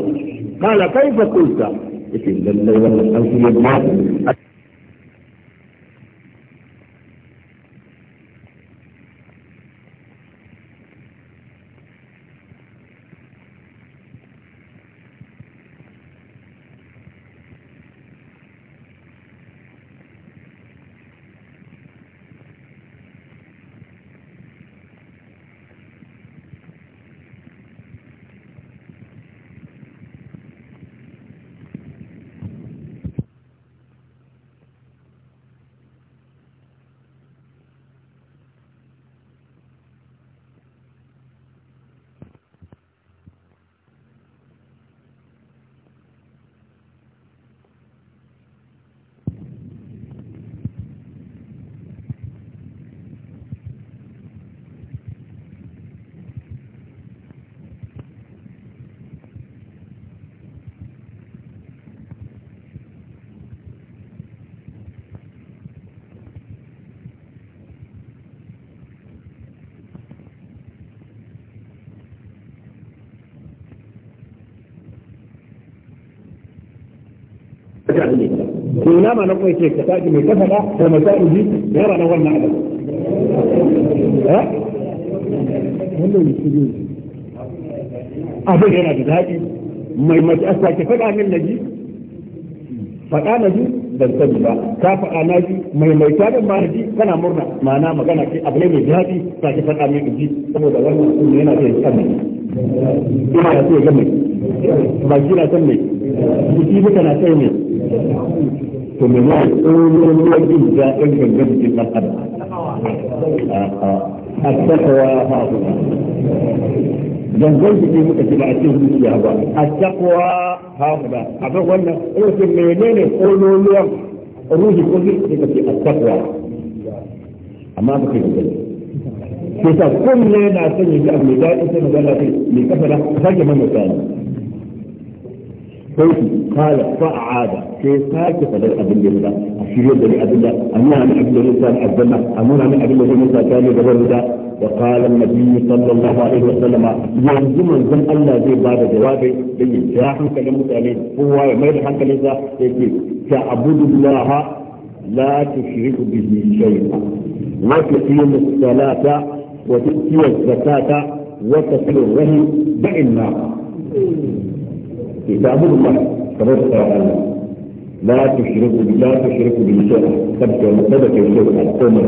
قال كيف قلت؟ إذا لم يكن أنت to ina ma na kuma ce ka saki mai kasa da ko masa uji ya rana wannan abin eh wannan shi abin yana da daɗi mai mace a sake faɗa min na ji faɗa na ji ban sani ba ka faɗa na ji mai mai tarin ma na ji kana murna ma'ana magana ce abu ne mai daɗi sake faɗa min na ji saboda wannan abin yana da yin sani ina da so ya ga mai baki na san mai jiki na san mai to me ne tsoron wajen daɗin gangan jikin ɗan adam a takawa ha'ula gangan jiki muka ci ba a cikin zuciya ba a takawa ha'ula a kan wannan ne ruhi ko zai suka ce a takawa amma ba ka yi ke sa na son yi abu mai daɗi sai magana sai mai kafa da sake قال فعاد كيف هكذا لا أبن لله أشير لي أبن الله أمنا من أبن الإنسان أبن من أبن الله وقال النبي صلى الله عليه وسلم ينزم الزم الله ذي بعد جوابه بي يا حنك المتعلم هو ميد حنك لله يقول تعبد الله لا تشرك به شيئا وتقيم الصلاة وتؤتي الزكاة وتصل الرحم بإنها تعبد الله تبارك وتعالى لا تشركوا لا تشركوا به شيئا تبكي ومبتدك على تؤمن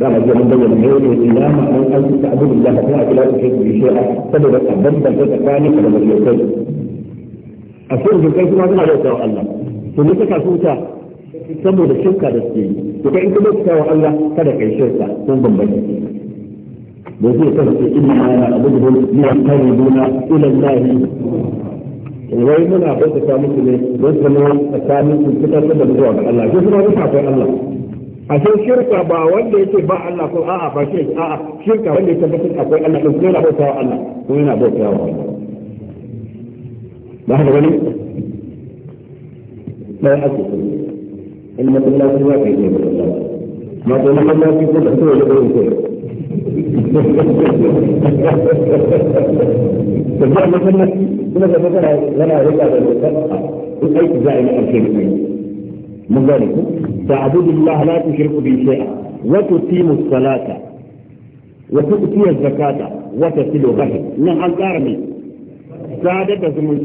قال عز من بين الهيئة الإسلام أن أنت تعبد الله تعالى لا تشركوا به شيئا تبدأ تبدأ تبدأ ثاني فلما تشركوا أشير في الكيس ما تبعي وتعالى الله سنتك أشوتا saboda shirka da suke yi to kai in kuma kawo Allah kada kai shirka ko bambanci da zai kasance inna wai muna bauta muku ne don zama tsakanin ku fitar da zuwa ga Allah ko kuma rufa kai Allah ashe shirka ba wanda yake ba Allah ko a'a ba shi a'a shirka wanda yake tabbatar akwai Allah ko yana bauta wa Allah ko yana bauta wa Allah ba haka bane bai ake ilmatin lafiya kai ne ba ma to na Allah ko da to da ko ترجع لسنة كنا بفترة لنا رجع بالوثقة أي تزاعم الشركين من ذلك تعبد الله لا تشرك به شيئا وتقيم الصلاة وتؤتي الزكاة وتصل من نعم الكارمي سعادة زمن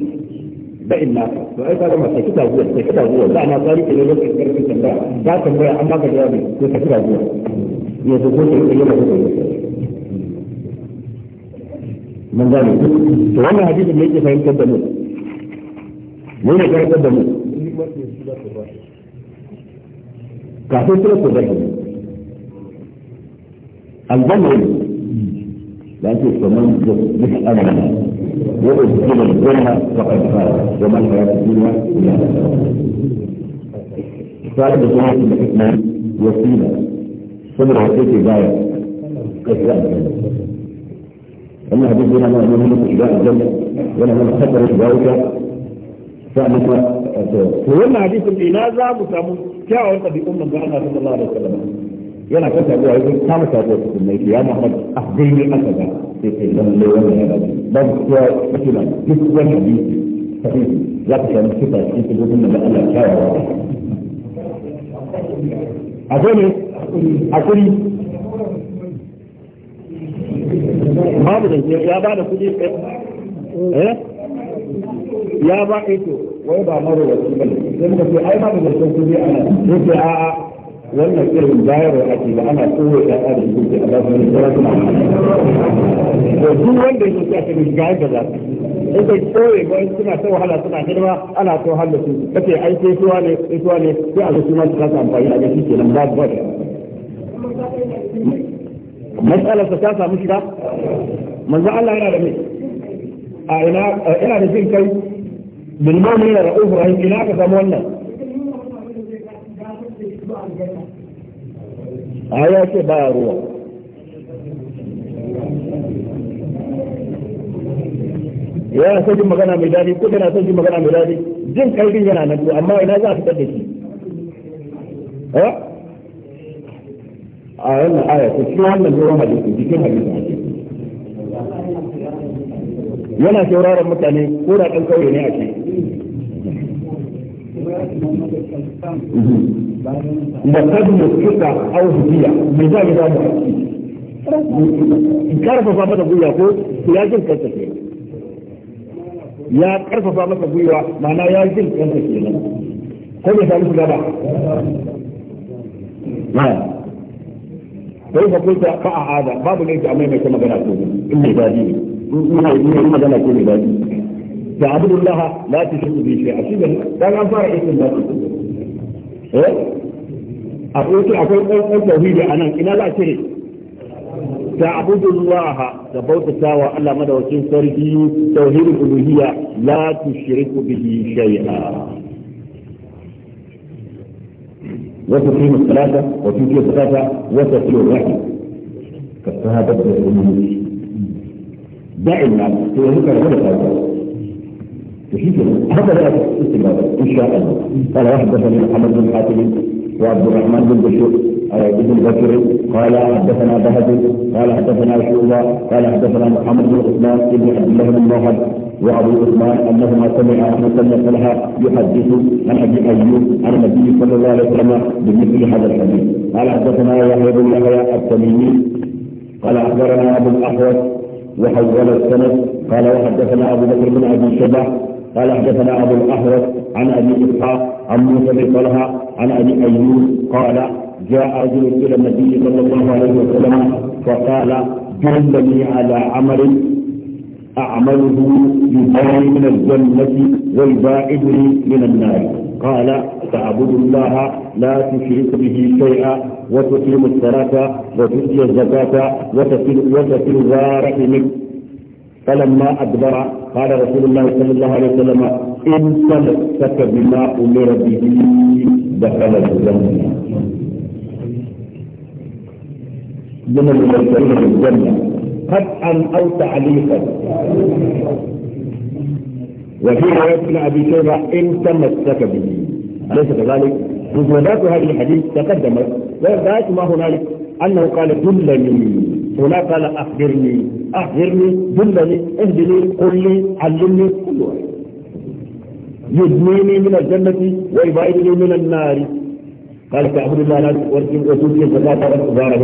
ba'in naka to ai ka gama saki taguwa saki taguwa da na tsari ke lokacin karfin tambaya ta tambaya an baka jawabi to dia tu pun dia tak boleh mengganggu kerana tu ini dia saya ikut dulu dia nak saya ikut tu kasih terus terbaik Al-Bamri Nanti teman Jadi Allah Dia berjumpa Dia berjumpa Dia berjumpa Dia berjumpa Dia berjumpa Dia berjumpa Dia berjumpa saboda wace ce gaya kashi aljanna wannan hadisi yana nuna mana mutum shiga aljanna yana nuna hatsarin shiga wuta sa'an kuma to wannan hadisin ina za mu samu kyawawan ɗabi'un ga Allah sallallahu alaihi wasallam yana kan tabuwa yake kama tabuwa cikin mai ya Muhammad ahdini akaza sai kai lalle wannan yana da ba ku duk wani hadisi za ka samu sifa cikin da Allah kyawawa
akwai ne
babu da ya ba da kuɗi eh? eh ya ba kai eh wai ba mara ba sai ai da kuɗi ana wannan irin bayarwa ake da ana tsoron da da kuɗi a ba su ne sauran to duk wanda in kai tsoye ba suna ta wahala suna girma ana ta wahala su kace ai sai suwa ne sai suwa ne sai a su ma su kasa amfani a gashi kenan ba ba matsalar ta samu shiga manzo Allah yana da mai a ina ina da jin kai bil mu'minina ra'ufur rahim ina ka samu wannan aya ce ba ruwa yana son jin magana mai daɗi ko yana son jin magana mai daɗi jin ƙarfin yana nan to amma ina za a fitar da shi a yana aya ta cikin wannan doron hadisi cikin hadisi yana sauraron mutane ko da ɗan kauye ne a ce da kadmu suka au hijiya me za ki za mu karfafa mata guya ko ya jin kansa ke ya karfafa masa gwiwa ma'ana ya jin ke nan ko bai samu shiga ba ko ka kulta fa a hada babu ne ki mai mai magana ko in mai dadi ne ina ina magana ko mai dadi da abdullah la shi bi shi a ne dan an fara ikin da eh akwai akwai dan tawhidi anan ina la cire تعبد الله تبوت ساوى الله مدى وكين سرقي توحيد الألوهية لا تشرك به شيئا وتقيم الصلاة وتؤتي الزكاة وتصل الرحم كالصحابة والأمم دع الناس توحيد الألوهية هذا الاستجابة إن شاء الله قال وحدثني محمد بن حاتم وعبد الرحمن بن بشير بن بكر قال حدثنا بهد قال حدثنا شعبة قال حدثنا محمد بن عثمان بن عبد الله بن موهب وابو عثمان انهما سمع احمد بن طلحه يحدث عن ابي ايوب عن النبي صلى الله عليه وسلم بمثل هذا الحديث قال حدثنا يحيى بن يحيى التميمي قال اخبرنا ابو الاحوص وحول السند قال وحدثنا ابو بكر بن ابي شبه قال حدثنا ابو الاحوص عن ابي اسحاق عن موسى بن طلحه عن ابي ايوب قال جاء رجل إلى النبي صلى الله عليه وسلم فقال دلني على عمل أعمله يباعي من الجنة ويباعدني من النار قال تعبد الله لا تشرك به شيئا وتقيم الصلاة وتؤتي الزكاة وتكل الزارع منك فلما أدبر قال رسول الله صلى الله عليه وسلم إن تمسك بما أمر به دخل الجنة من المبتدئين في الجنة قطعا أو تعليقا وفي رواية ابن أبي شيبة إن تمسك به أليس كذلك؟ مفردات هذه الحديث تقدمت وغاية ما هنالك أنه قال دلني هنا قال أخبرني أخبرني دلني اهدني قل لي علمني كل واحد يدنيني من الجنة ويبعدني من النار قال تعبد الله وتؤتي الزكاة وتبارك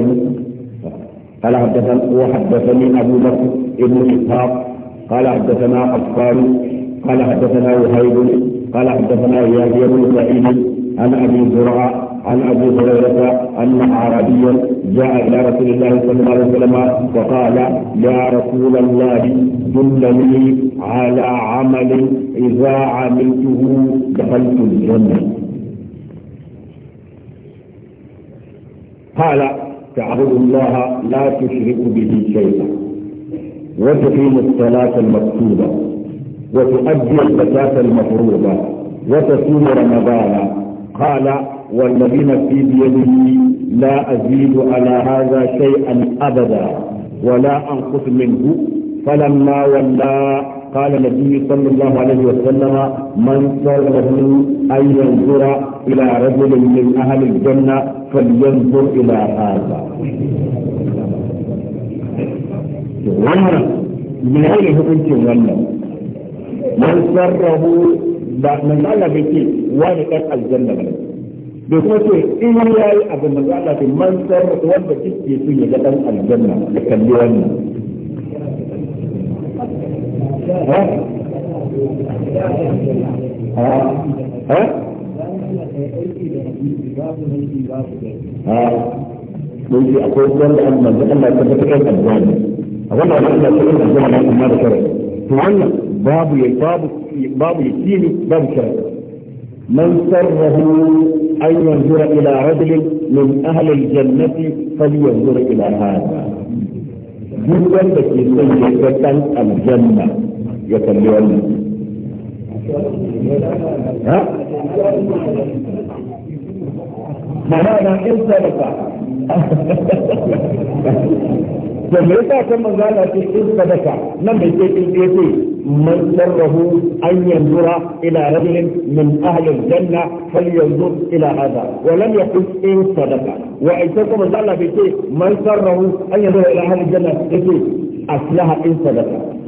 قال حدثنا وحدثني ابو بكر بن اسحاق قال حدثنا افقان قال حدثنا وهيب قال حدثنا يحيى بن سعيد عن ابي زرعه عن ابي هريره ان اعرابيا جاء الى رسول الله صلى الله عليه وسلم وقال يا رسول الله دلني على عمل اذا عملته دخلت الجنه قال تعبد الله لا تشرك به شيئا وتقيم الصلاة المكتوبة وتؤدي الزكاة المفروضة وتصوم رمضان قال والذين في بيده لا أزيد على هذا شيئا أبدا ولا أنقص منه فلما ولى قال النبي صلى الله عليه وسلم من صار له ينظر إلى رجل من أهل الجنة فلينظر إلى هذا wannan mai ne hukuncin wannan man sarrahu da man Allah bai ce wani kan aljanna ba da kuma ce in yayi abin da Allah bai man sarrahu wanda kike so ya ga dan aljanna da kalli wannan
ها ها ها
أقول باب باب باب يتيني باب من سره أن ينظر إلى رجل من أهل الجنة فلينظر إلى هذا جدا بكي سنجد الجنة ها ما هذا انت رفع ثم رفع ثم قال لك انت رفع لم يجيك من سره ان ينظر الى رجل من اهل الجنه فلينظر الى هذا ولم يقل انت رفع وان تكون قال من سره ان ينظر الى اهل الجنه يقول اصلها انت رفع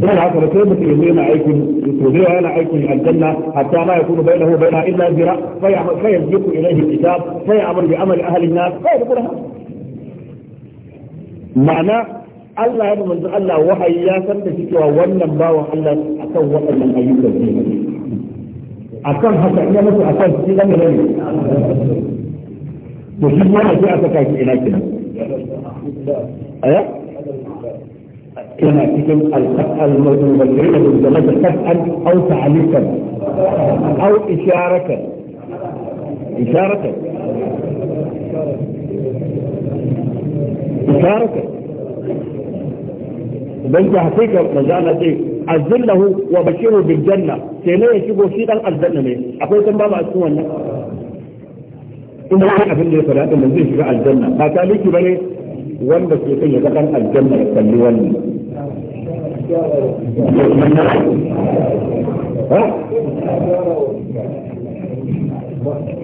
dan haka ba sai mutum yanzu yana aikin to da yana aikin aljanna hatta la yakunu bainahu wa bainaha illa zira fa ya'mal fa yamliku ilayhi alkitab fa ya'mal bi amali ahli an-nar fa yadkhulha ma'ana Allah ya manzo Allah wahayi ya san da cewa wannan bawan Allah akan waɗannan ayyukan ne akan haka ina musu akan shi zama ne to shi ma a ce aka kaki ina kina eh كما تتم الفتح الموجود والفريق المتغذى فتحا او تعليقا او اشارة اشارة اشارة بل جهتك مجال هذه اذله وبشره بالجنة سينا يشبه سيدا الجنة مين اقول كم بابا اسمونا ان احنا في اللي فلاته من ذي الجنة ما تاليكي بني وانبس يتيه دقن الجنة يتلي وانبس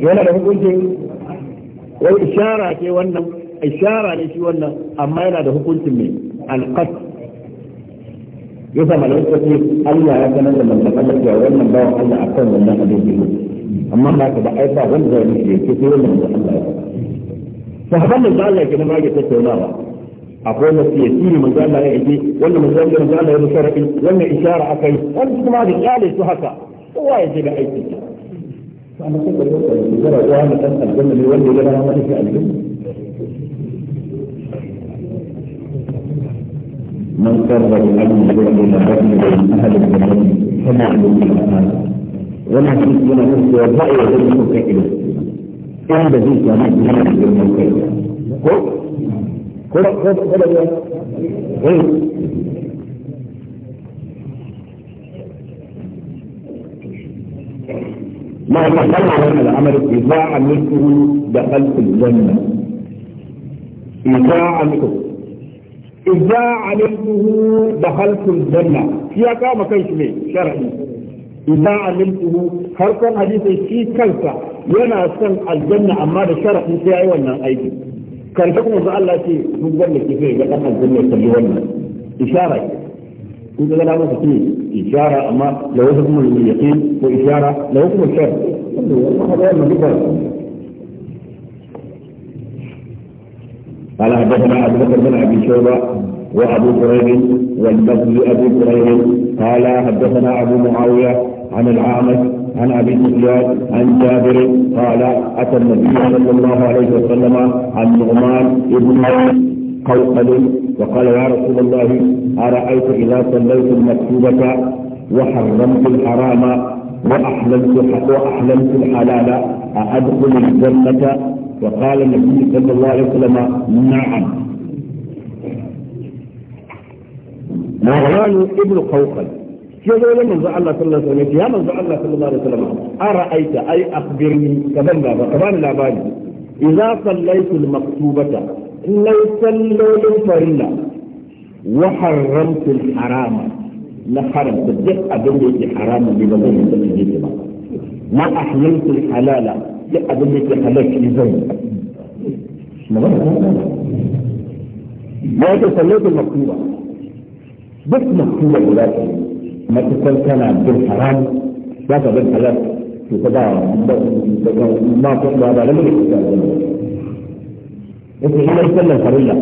yana da hukuncin wai ishara ce wannan ishara ne shi wannan amma yana da hukuncin mai alqat yasa malaika ce Allah ya sanar da manzon Allah cewa wannan bawan Allah akan wannan abin da amma ba ka ba ai ba wanda zai yi ke sai wannan da Allah ya faɗa sahabban da Allah ke nan magi ke tattaunawa akwai wasiyati ne manzo Allah ya yi wannan manzo Allah manzo Allah ya rusa rabi wannan ishara akai wannan kuma da kyale su haka kowa ya je da aiki to amma sai da wannan zara da wannan dan aljanna ne wanda ya ga mata shi aljanna من قرب الأمن بين رجل من أهل الجنة فما عليه الأمان ولا تسلم نفسه وضعه ذلك كإله كان ذلك ما كان يوم القيامة إيه؟ ما كده كده مع المحكمة على العمل إذا عملته دخلت الجنة إذا عملته إذا علمته دخلت الجنة فيها كما كيش لي شرعي إذا علمته هل كان حديث في كلفة ينا سن الجنة أما ده شرعي في أيوة أيدي كان حكم الله في مجبر لك فيه لقد أنزلنا يسلمون إشارة إذا لا بد إشارة أما لو حكم اليقين وإشارة لو حكم الشر قال حدثنا أبو بكر بن أبي شعبة وأبو كريم والبدر أبو كريم قال حدثنا أبو معاوية عن العامش عن ابي سفيان عن جابر قال اتى النبي صلى الله عليه وسلم عن نعمان بن قوقل وقال يا رسول الله ارايت اذا صليت المكتوبه وحرمت الحرام واحللت واحللت الحلال اادخل الجنه وقال النبي صلى الله عليه وسلم نعم نعمان ابن قوقل ya zo ya manzo Allah sallallahu alaihi wasallam ya manzo Allah sallallahu alaihi wasallam ara'aita ai akhbirni kaman baba kaman labari idza sallaytu al-maktubata lai sallolin farilla wa harramtu al-harama na haramta duk abin da yake haramun ne ba zan yi da yake ba ma ahlaltu al-halala duk abin da yake halal ne zan yi ma yake sallatu al-maktuba duk maktuba da zaka yi matukar kana bin haram za ka bin halal to ka ba ma ko ba da lamu ka ba yake ina sallar farilla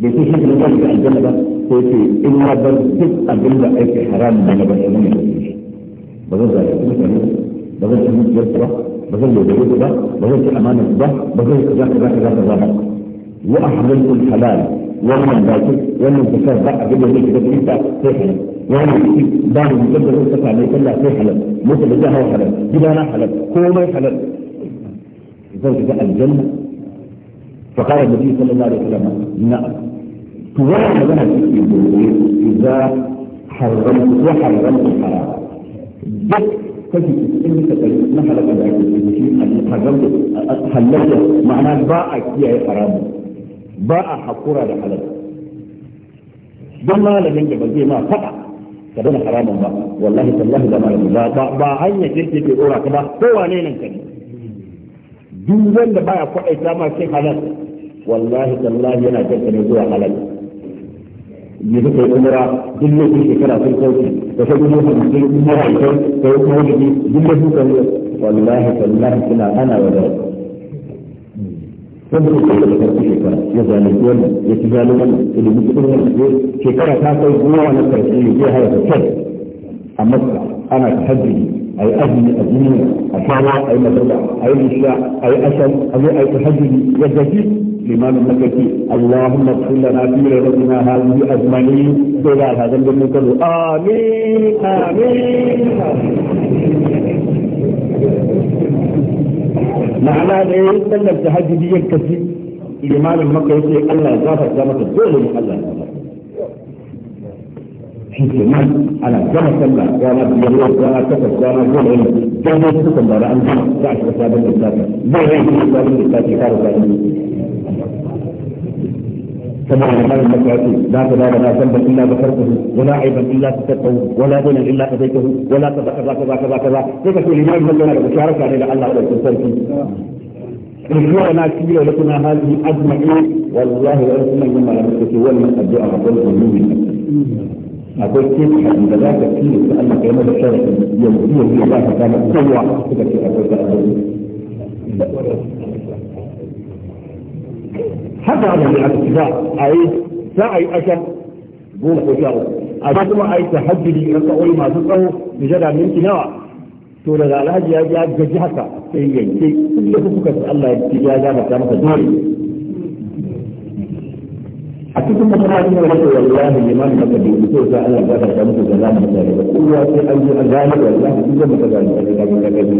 da ke shi da shi aljanna ba ko ce in ma bar duk abin da ake haram da na ba ne ne ba zan zai ba zan ci mutuwar ba ba zan dogare ba ba zan ci amana ba ba zan kaza kaza kaza kaza ba wa ahlaltu alhalal wannan da ke wannan fitar ba abin da zai shiga cikin ta sai halal wani yake ba ni mutum da zai saka mai sallah sai halal mota da zai hawa halal gidana halal komai halal zan shiga aljanna fa qala nabi sallallahu alaihi wasallam na'am to wannan magana take gobe idan حرمت وحرمت الحرام بس kashi cikin da kai na halaka da ake cikin shi haramta halalta ma'ana ba a kiyaye haramu ba a hakura da halal don malamin da ba zai ma faɗa ka dana haramun ba wallahi tallahi da malamu ba ba hanya kirki ke dora ka ba ko wane nan ka ne duk wanda baya kwaɗaita ma sai halal wallahi tallahi yana kirki ne zuwa halal yi suka yi umara duk lokacin shekara sun kauce da sai duk lokacin sun umara kai kai kuma da duk lokacin wallahi tallahi kina ana wadata wanda ya da karfi shekara ya zalunci wannan ya ci zalunci wannan ya dubi kudin wannan ko shekara ta kai goma wannan karfi ne zai haya da kyau a makka ana hajji a yi azumi a duniya a kwana a yi madarba a yi nisha a yi ashar a zo a yi tahajjudi ya gaji limamin makarfi allahumma kulla na fi rarrabina hazi azmani sai da alhazan birnin kano amin
amin
ma'ana da ya yi sallar da hajji ya kafi limamin maka ya ce Allah ya gafarta masa dole ne Allah ya gafarta shi ke nan ana gama sallah rana biyar yau rana takwas rana goma yau dan dai suka bara an gama za a shiga sabon lissafi zai rai sabon lissafi kare sabon lissafi كما أن المكاتب لا تبالى لا ذنب إلا ذكرته ولا عيبا إلا سترته ولا دينا إلا اتيته ولا كذا كذا كذا كذا كذا كيف في الإمام من لنا بشارك على الله ولا تنسى مشروعنا كبير لكنا هذه أجمعين والله وإنما لما لم تكن هو من أبدأ أقول من أقول كيف حد ذاك كثير سألنا كلمة الشرع يوم هي هي ذاك كانت قوة كذا كذا كذا haka ana da aka za a yi za a yi asha goma ko sha uku a kuma a yi tahajjudi na sa'o'i masu tsawo bijada minti nawa to da alhaji ya ya gaji haka sai yanke da kuka Allah ya ya gafarta masa dole a cikin mutane ne wanda wallahi liman da kabi ko sai Allah ya gafarta masa da zamu da kowa sai an ji an gane wallahi duk wanda ka gane ka gane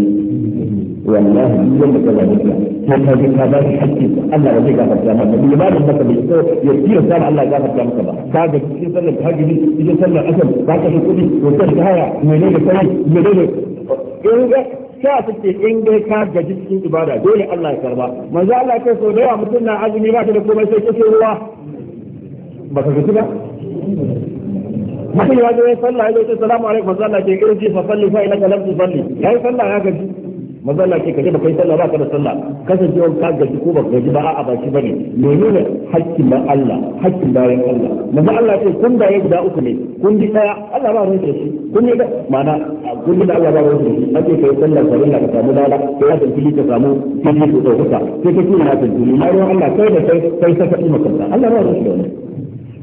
wallahi duk wanda ka gane ko ka ji ka ba hakki Allah ba zai gafarta maka ba limamin maka bai so ya tiyo sa Allah ya gafarta maka ba ka ga cikin sallar tahajjudi cikin sallar asar ba ka da kudi hotel ta haya menene sai ne. in ga sa suke in dai ka gaji cikin ibada dole Allah ya karba manzo Allah ya so da yawa mutum na azumi ba ta da komai sai kace ruwa ba ka gaji ba mutum ya zo ya sallah ya ce ya salamu alaikum manzo Allah ya ce irji fa salli fa inaka lam tusalli yayi sallah ya gaji maza Allah ka kaje ba kai sallah baka da sallah kasancewar ka gaji ko ba gaji ba a'a ba shi bane menene hakkin ba Allah hakkin bayan Allah maza Allah ce kun da ya guda uku ne kun bi daya Allah ba ruwan shi kun ne da mana kun da Allah ba ruwan shi ake kai sallah farilla ka samu dala ko ya tantili ka samu tantili ko dauka sai ka tuna na tantili na ruwan Allah kai da kai kai ka fadi makanta Allah ba ruwan shi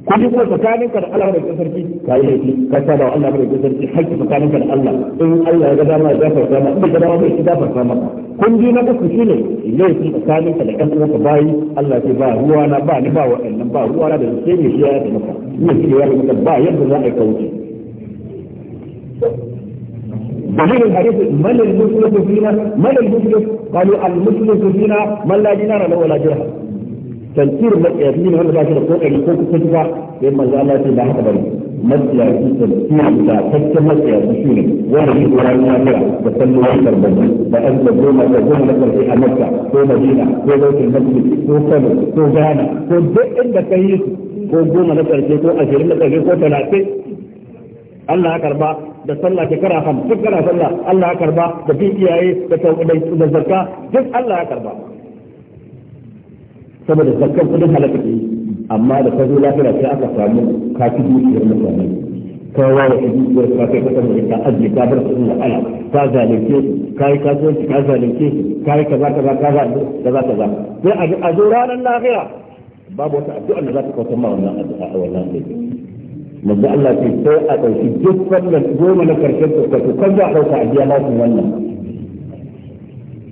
ko duk kuma tsakanin ka da Allah da kusan sarki yi laifi ka saba Allah da kusan sarki haƙƙi tsakanin ka da Allah in Allah ya ga dama ya gafarta sama in ga dama bai gafarta maka kun ji na uku shine laifi tsakanin ka da kan uwanka bayi Allah ba ruwa na ba ni ba waɗannan ba ruwa na da sai ne ya da maka ne shi ya da maka ba yadda za a kauce دليل الحديث من المسلم فينا من المسلم قالوا المسلم فينا من لا دينار له ولا tantir matsiyafi ne wanda ba shi da kokari ko kusa ba sai manzo Allah ce ba haka bane matsiyafi tantir da tantir matsiyafi shi ne wanda shi ko rayuwa ne da sallolin karbaji da an da goma da goma na karfe a Makka ko Madina ko Baitul Maqdis ko Kano ko Ghana ko duk inda kai yi su ko goma na karfe ko ashirin na karfe ko talatin Allah ya karba da sallah shekara hamsin kana sallah Allah ya karba da bin iyaye da zakka duk Allah ya karba saboda zakkan kudin halaka ke amma da kazo lafiya sai aka samu kafi dukiyar mutane kowa ya fi dukiyar ka kai kasan da ajiye ka bar kudin wahala ka zalunce ka yi kasuwanci ka zalunce ka yi kaza kaza kaza kaza kaza sai a zo ranar lafiya babu wata addu'a da za ta kawo ma wannan addu'a a wannan aiki manzo Allah ce sai a ɗauki duk wannan goma na karshen kuskure kan za a ɗauka a biya masu wannan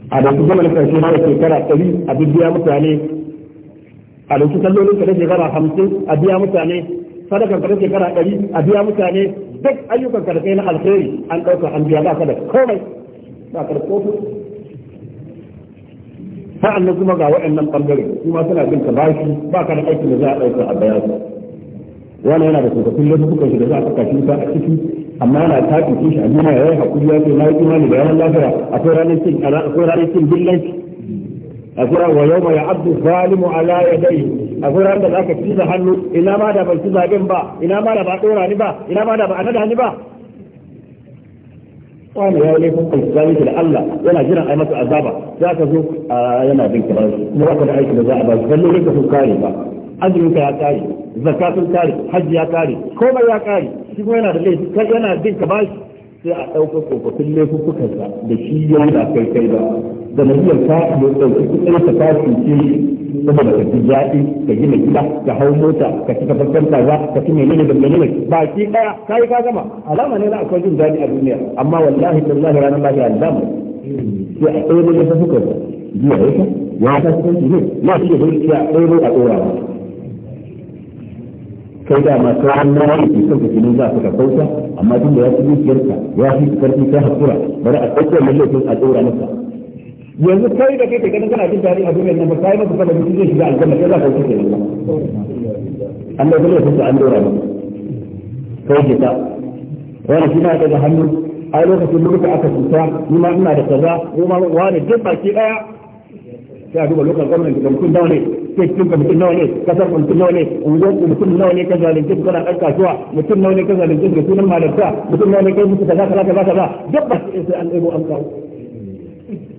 a da su gama na karshe na shekara ɗari a bibiya mutane a dauki sallolin ka na shekara hamsin a biya mutane sadakar ka na shekara ɗari a biya mutane duk ayyukan ka da kai na alheri an ɗauka an biya ba ka da komai ba ka da kofi sa'annan kuma ga waɗannan ɓangare kuma suna bin ka bashi ba ka da aikin da za a ɗauka a bayar wani yana da tsofaffin laifukan shi da za a saka shi a ciki amma yana tafi shi a duniya ya yi haƙuri ya ce na yi imani da yawan lafiya akwai ranar cin billanci akwai wa yau mai abdu zalimu ala ya dai akwai ran da zaka ciza hannu ina ma da ban ci zaben ba ina ma da ba dora ni ba ina ma da ba anada ni ba wani ya yi kun zalunci da Allah yana jiran ai masa azaba za ka zo yana bin kamar kuma za ka da aiki da za a ba balle ne ka sun kare ba azumin ka ya kare zakka sun kare hajji ya kare komai ya kare shi kuma yana da laifi kai yana bin ka bashi sai a ɗauka tsofaffin laifuffukansa da shi yau da kai kai ba da ta yi da ɗauki kuɗin ka ta cuce saboda ka ji daɗi ka gina gida ka hau mota ka ci kafafen kaza ka ci menene da menene baki ɗaya ka yi ka gama alama ne na akwai jin daɗi a duniya amma wallahi tallahi ranar ya alama sai a ɗaya ne ta suka ji ya ka ya ta suka ne ma shi da ya ɗaya a ɗora kai da ma sai an nawa da kusan ka kinin za ka kauta amma tun da ya fi dukiyarka ya fi karfi ka hakura bari a ɗaukar mallakin a ɗora masa yanzu kai da kai ke ganin kana jin daɗi a duniya nan ba kai masa saboda mutum zai shiga aljanna sai za ka wuce ne Allah zai yi an dora ne. kai ke ta wani shi na daga hannu a lokacin lokacin aka cuta ni ma ina da kaza ko ma wani duk baki daya sai a duba lokacin gwamnati da mutum nawa ne sai cikin ka mutum nawa ne kasar mutum nawa ne unguwar mutum nawa ne ka zalunce su kana ɗan kasuwa mutum nawa ne ka zalunce su da sunan malarta mutum nawa ne kai musu kaza kaza kaza kaza duk baki sai an ɗebo an kawo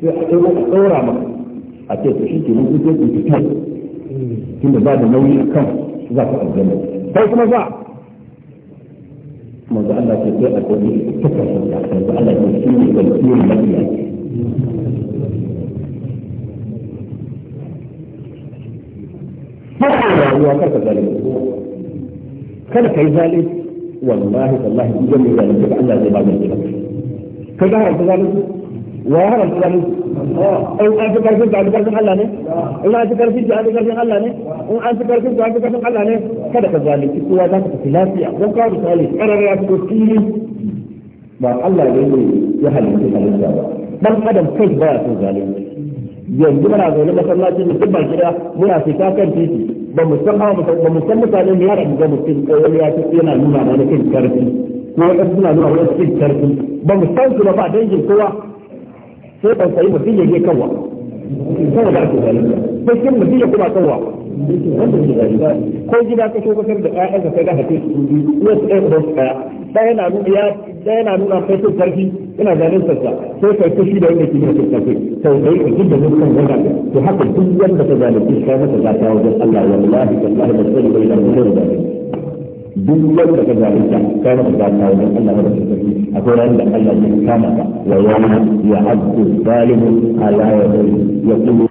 sai maka tsora maka a ce to shi ke nan kuke ku fitar tunda ba da nauyi a kan za ku aljanna sai kuma za manzo Allah ce sai a gobe ta kasance manzo Allah ce shi ne ban tsiri na iyaki Haka rayuwa karka zalunci, kada ka yi zalunci wallahi wallahi duk wanda ya zalunci ba Allah zai ba mai zalunci. Ka ga haramta zalunci? wa ya haramta eh, in an fi karfin fi Allah ne in an fi karfin ka fi karfin Allah ne in an fi karfin fi karfin Allah ne kada ka zalunci kowa za ka tafi lafiya ko ka misali ya fito fili ba Allah ne ya halitta halitta ba dan adam kai ba ya son zalunci yanzu muna zaune masallaci mu duk ba gida muna fita kan titi ba mu san ba ba mu san mutane mu yara mu ga mutum kawai ya tafi yana nuna mana kin karfi ko wadansu suna nuna mana kin karfi ba mu san su ba dangin kowa sai tausayi mutum ya je kanwa saboda ake zalunta sai kin mutum ya kuma kanwa ko gida ka shugabar da ƴaƴan ka kai da hakin su ne ɗaya ɗaya ɗaya ɗaya na nuna ya ɗaya na nuna kai sun karfi ina ganin sassa sai kai fushi da wanda ke nuna sun karfi sau ɗaya ka jin da mutum wanda to haka duk yadda ka zalunci shi kai masa zata wajen Allah wallahi wallahi da sai da idan mutum duk wanda ka zalunta ka da ta wajen Allah da sarki akwai ran da Allah ya kama ka wa yana ya abdu zalimu ala ya
yaqulu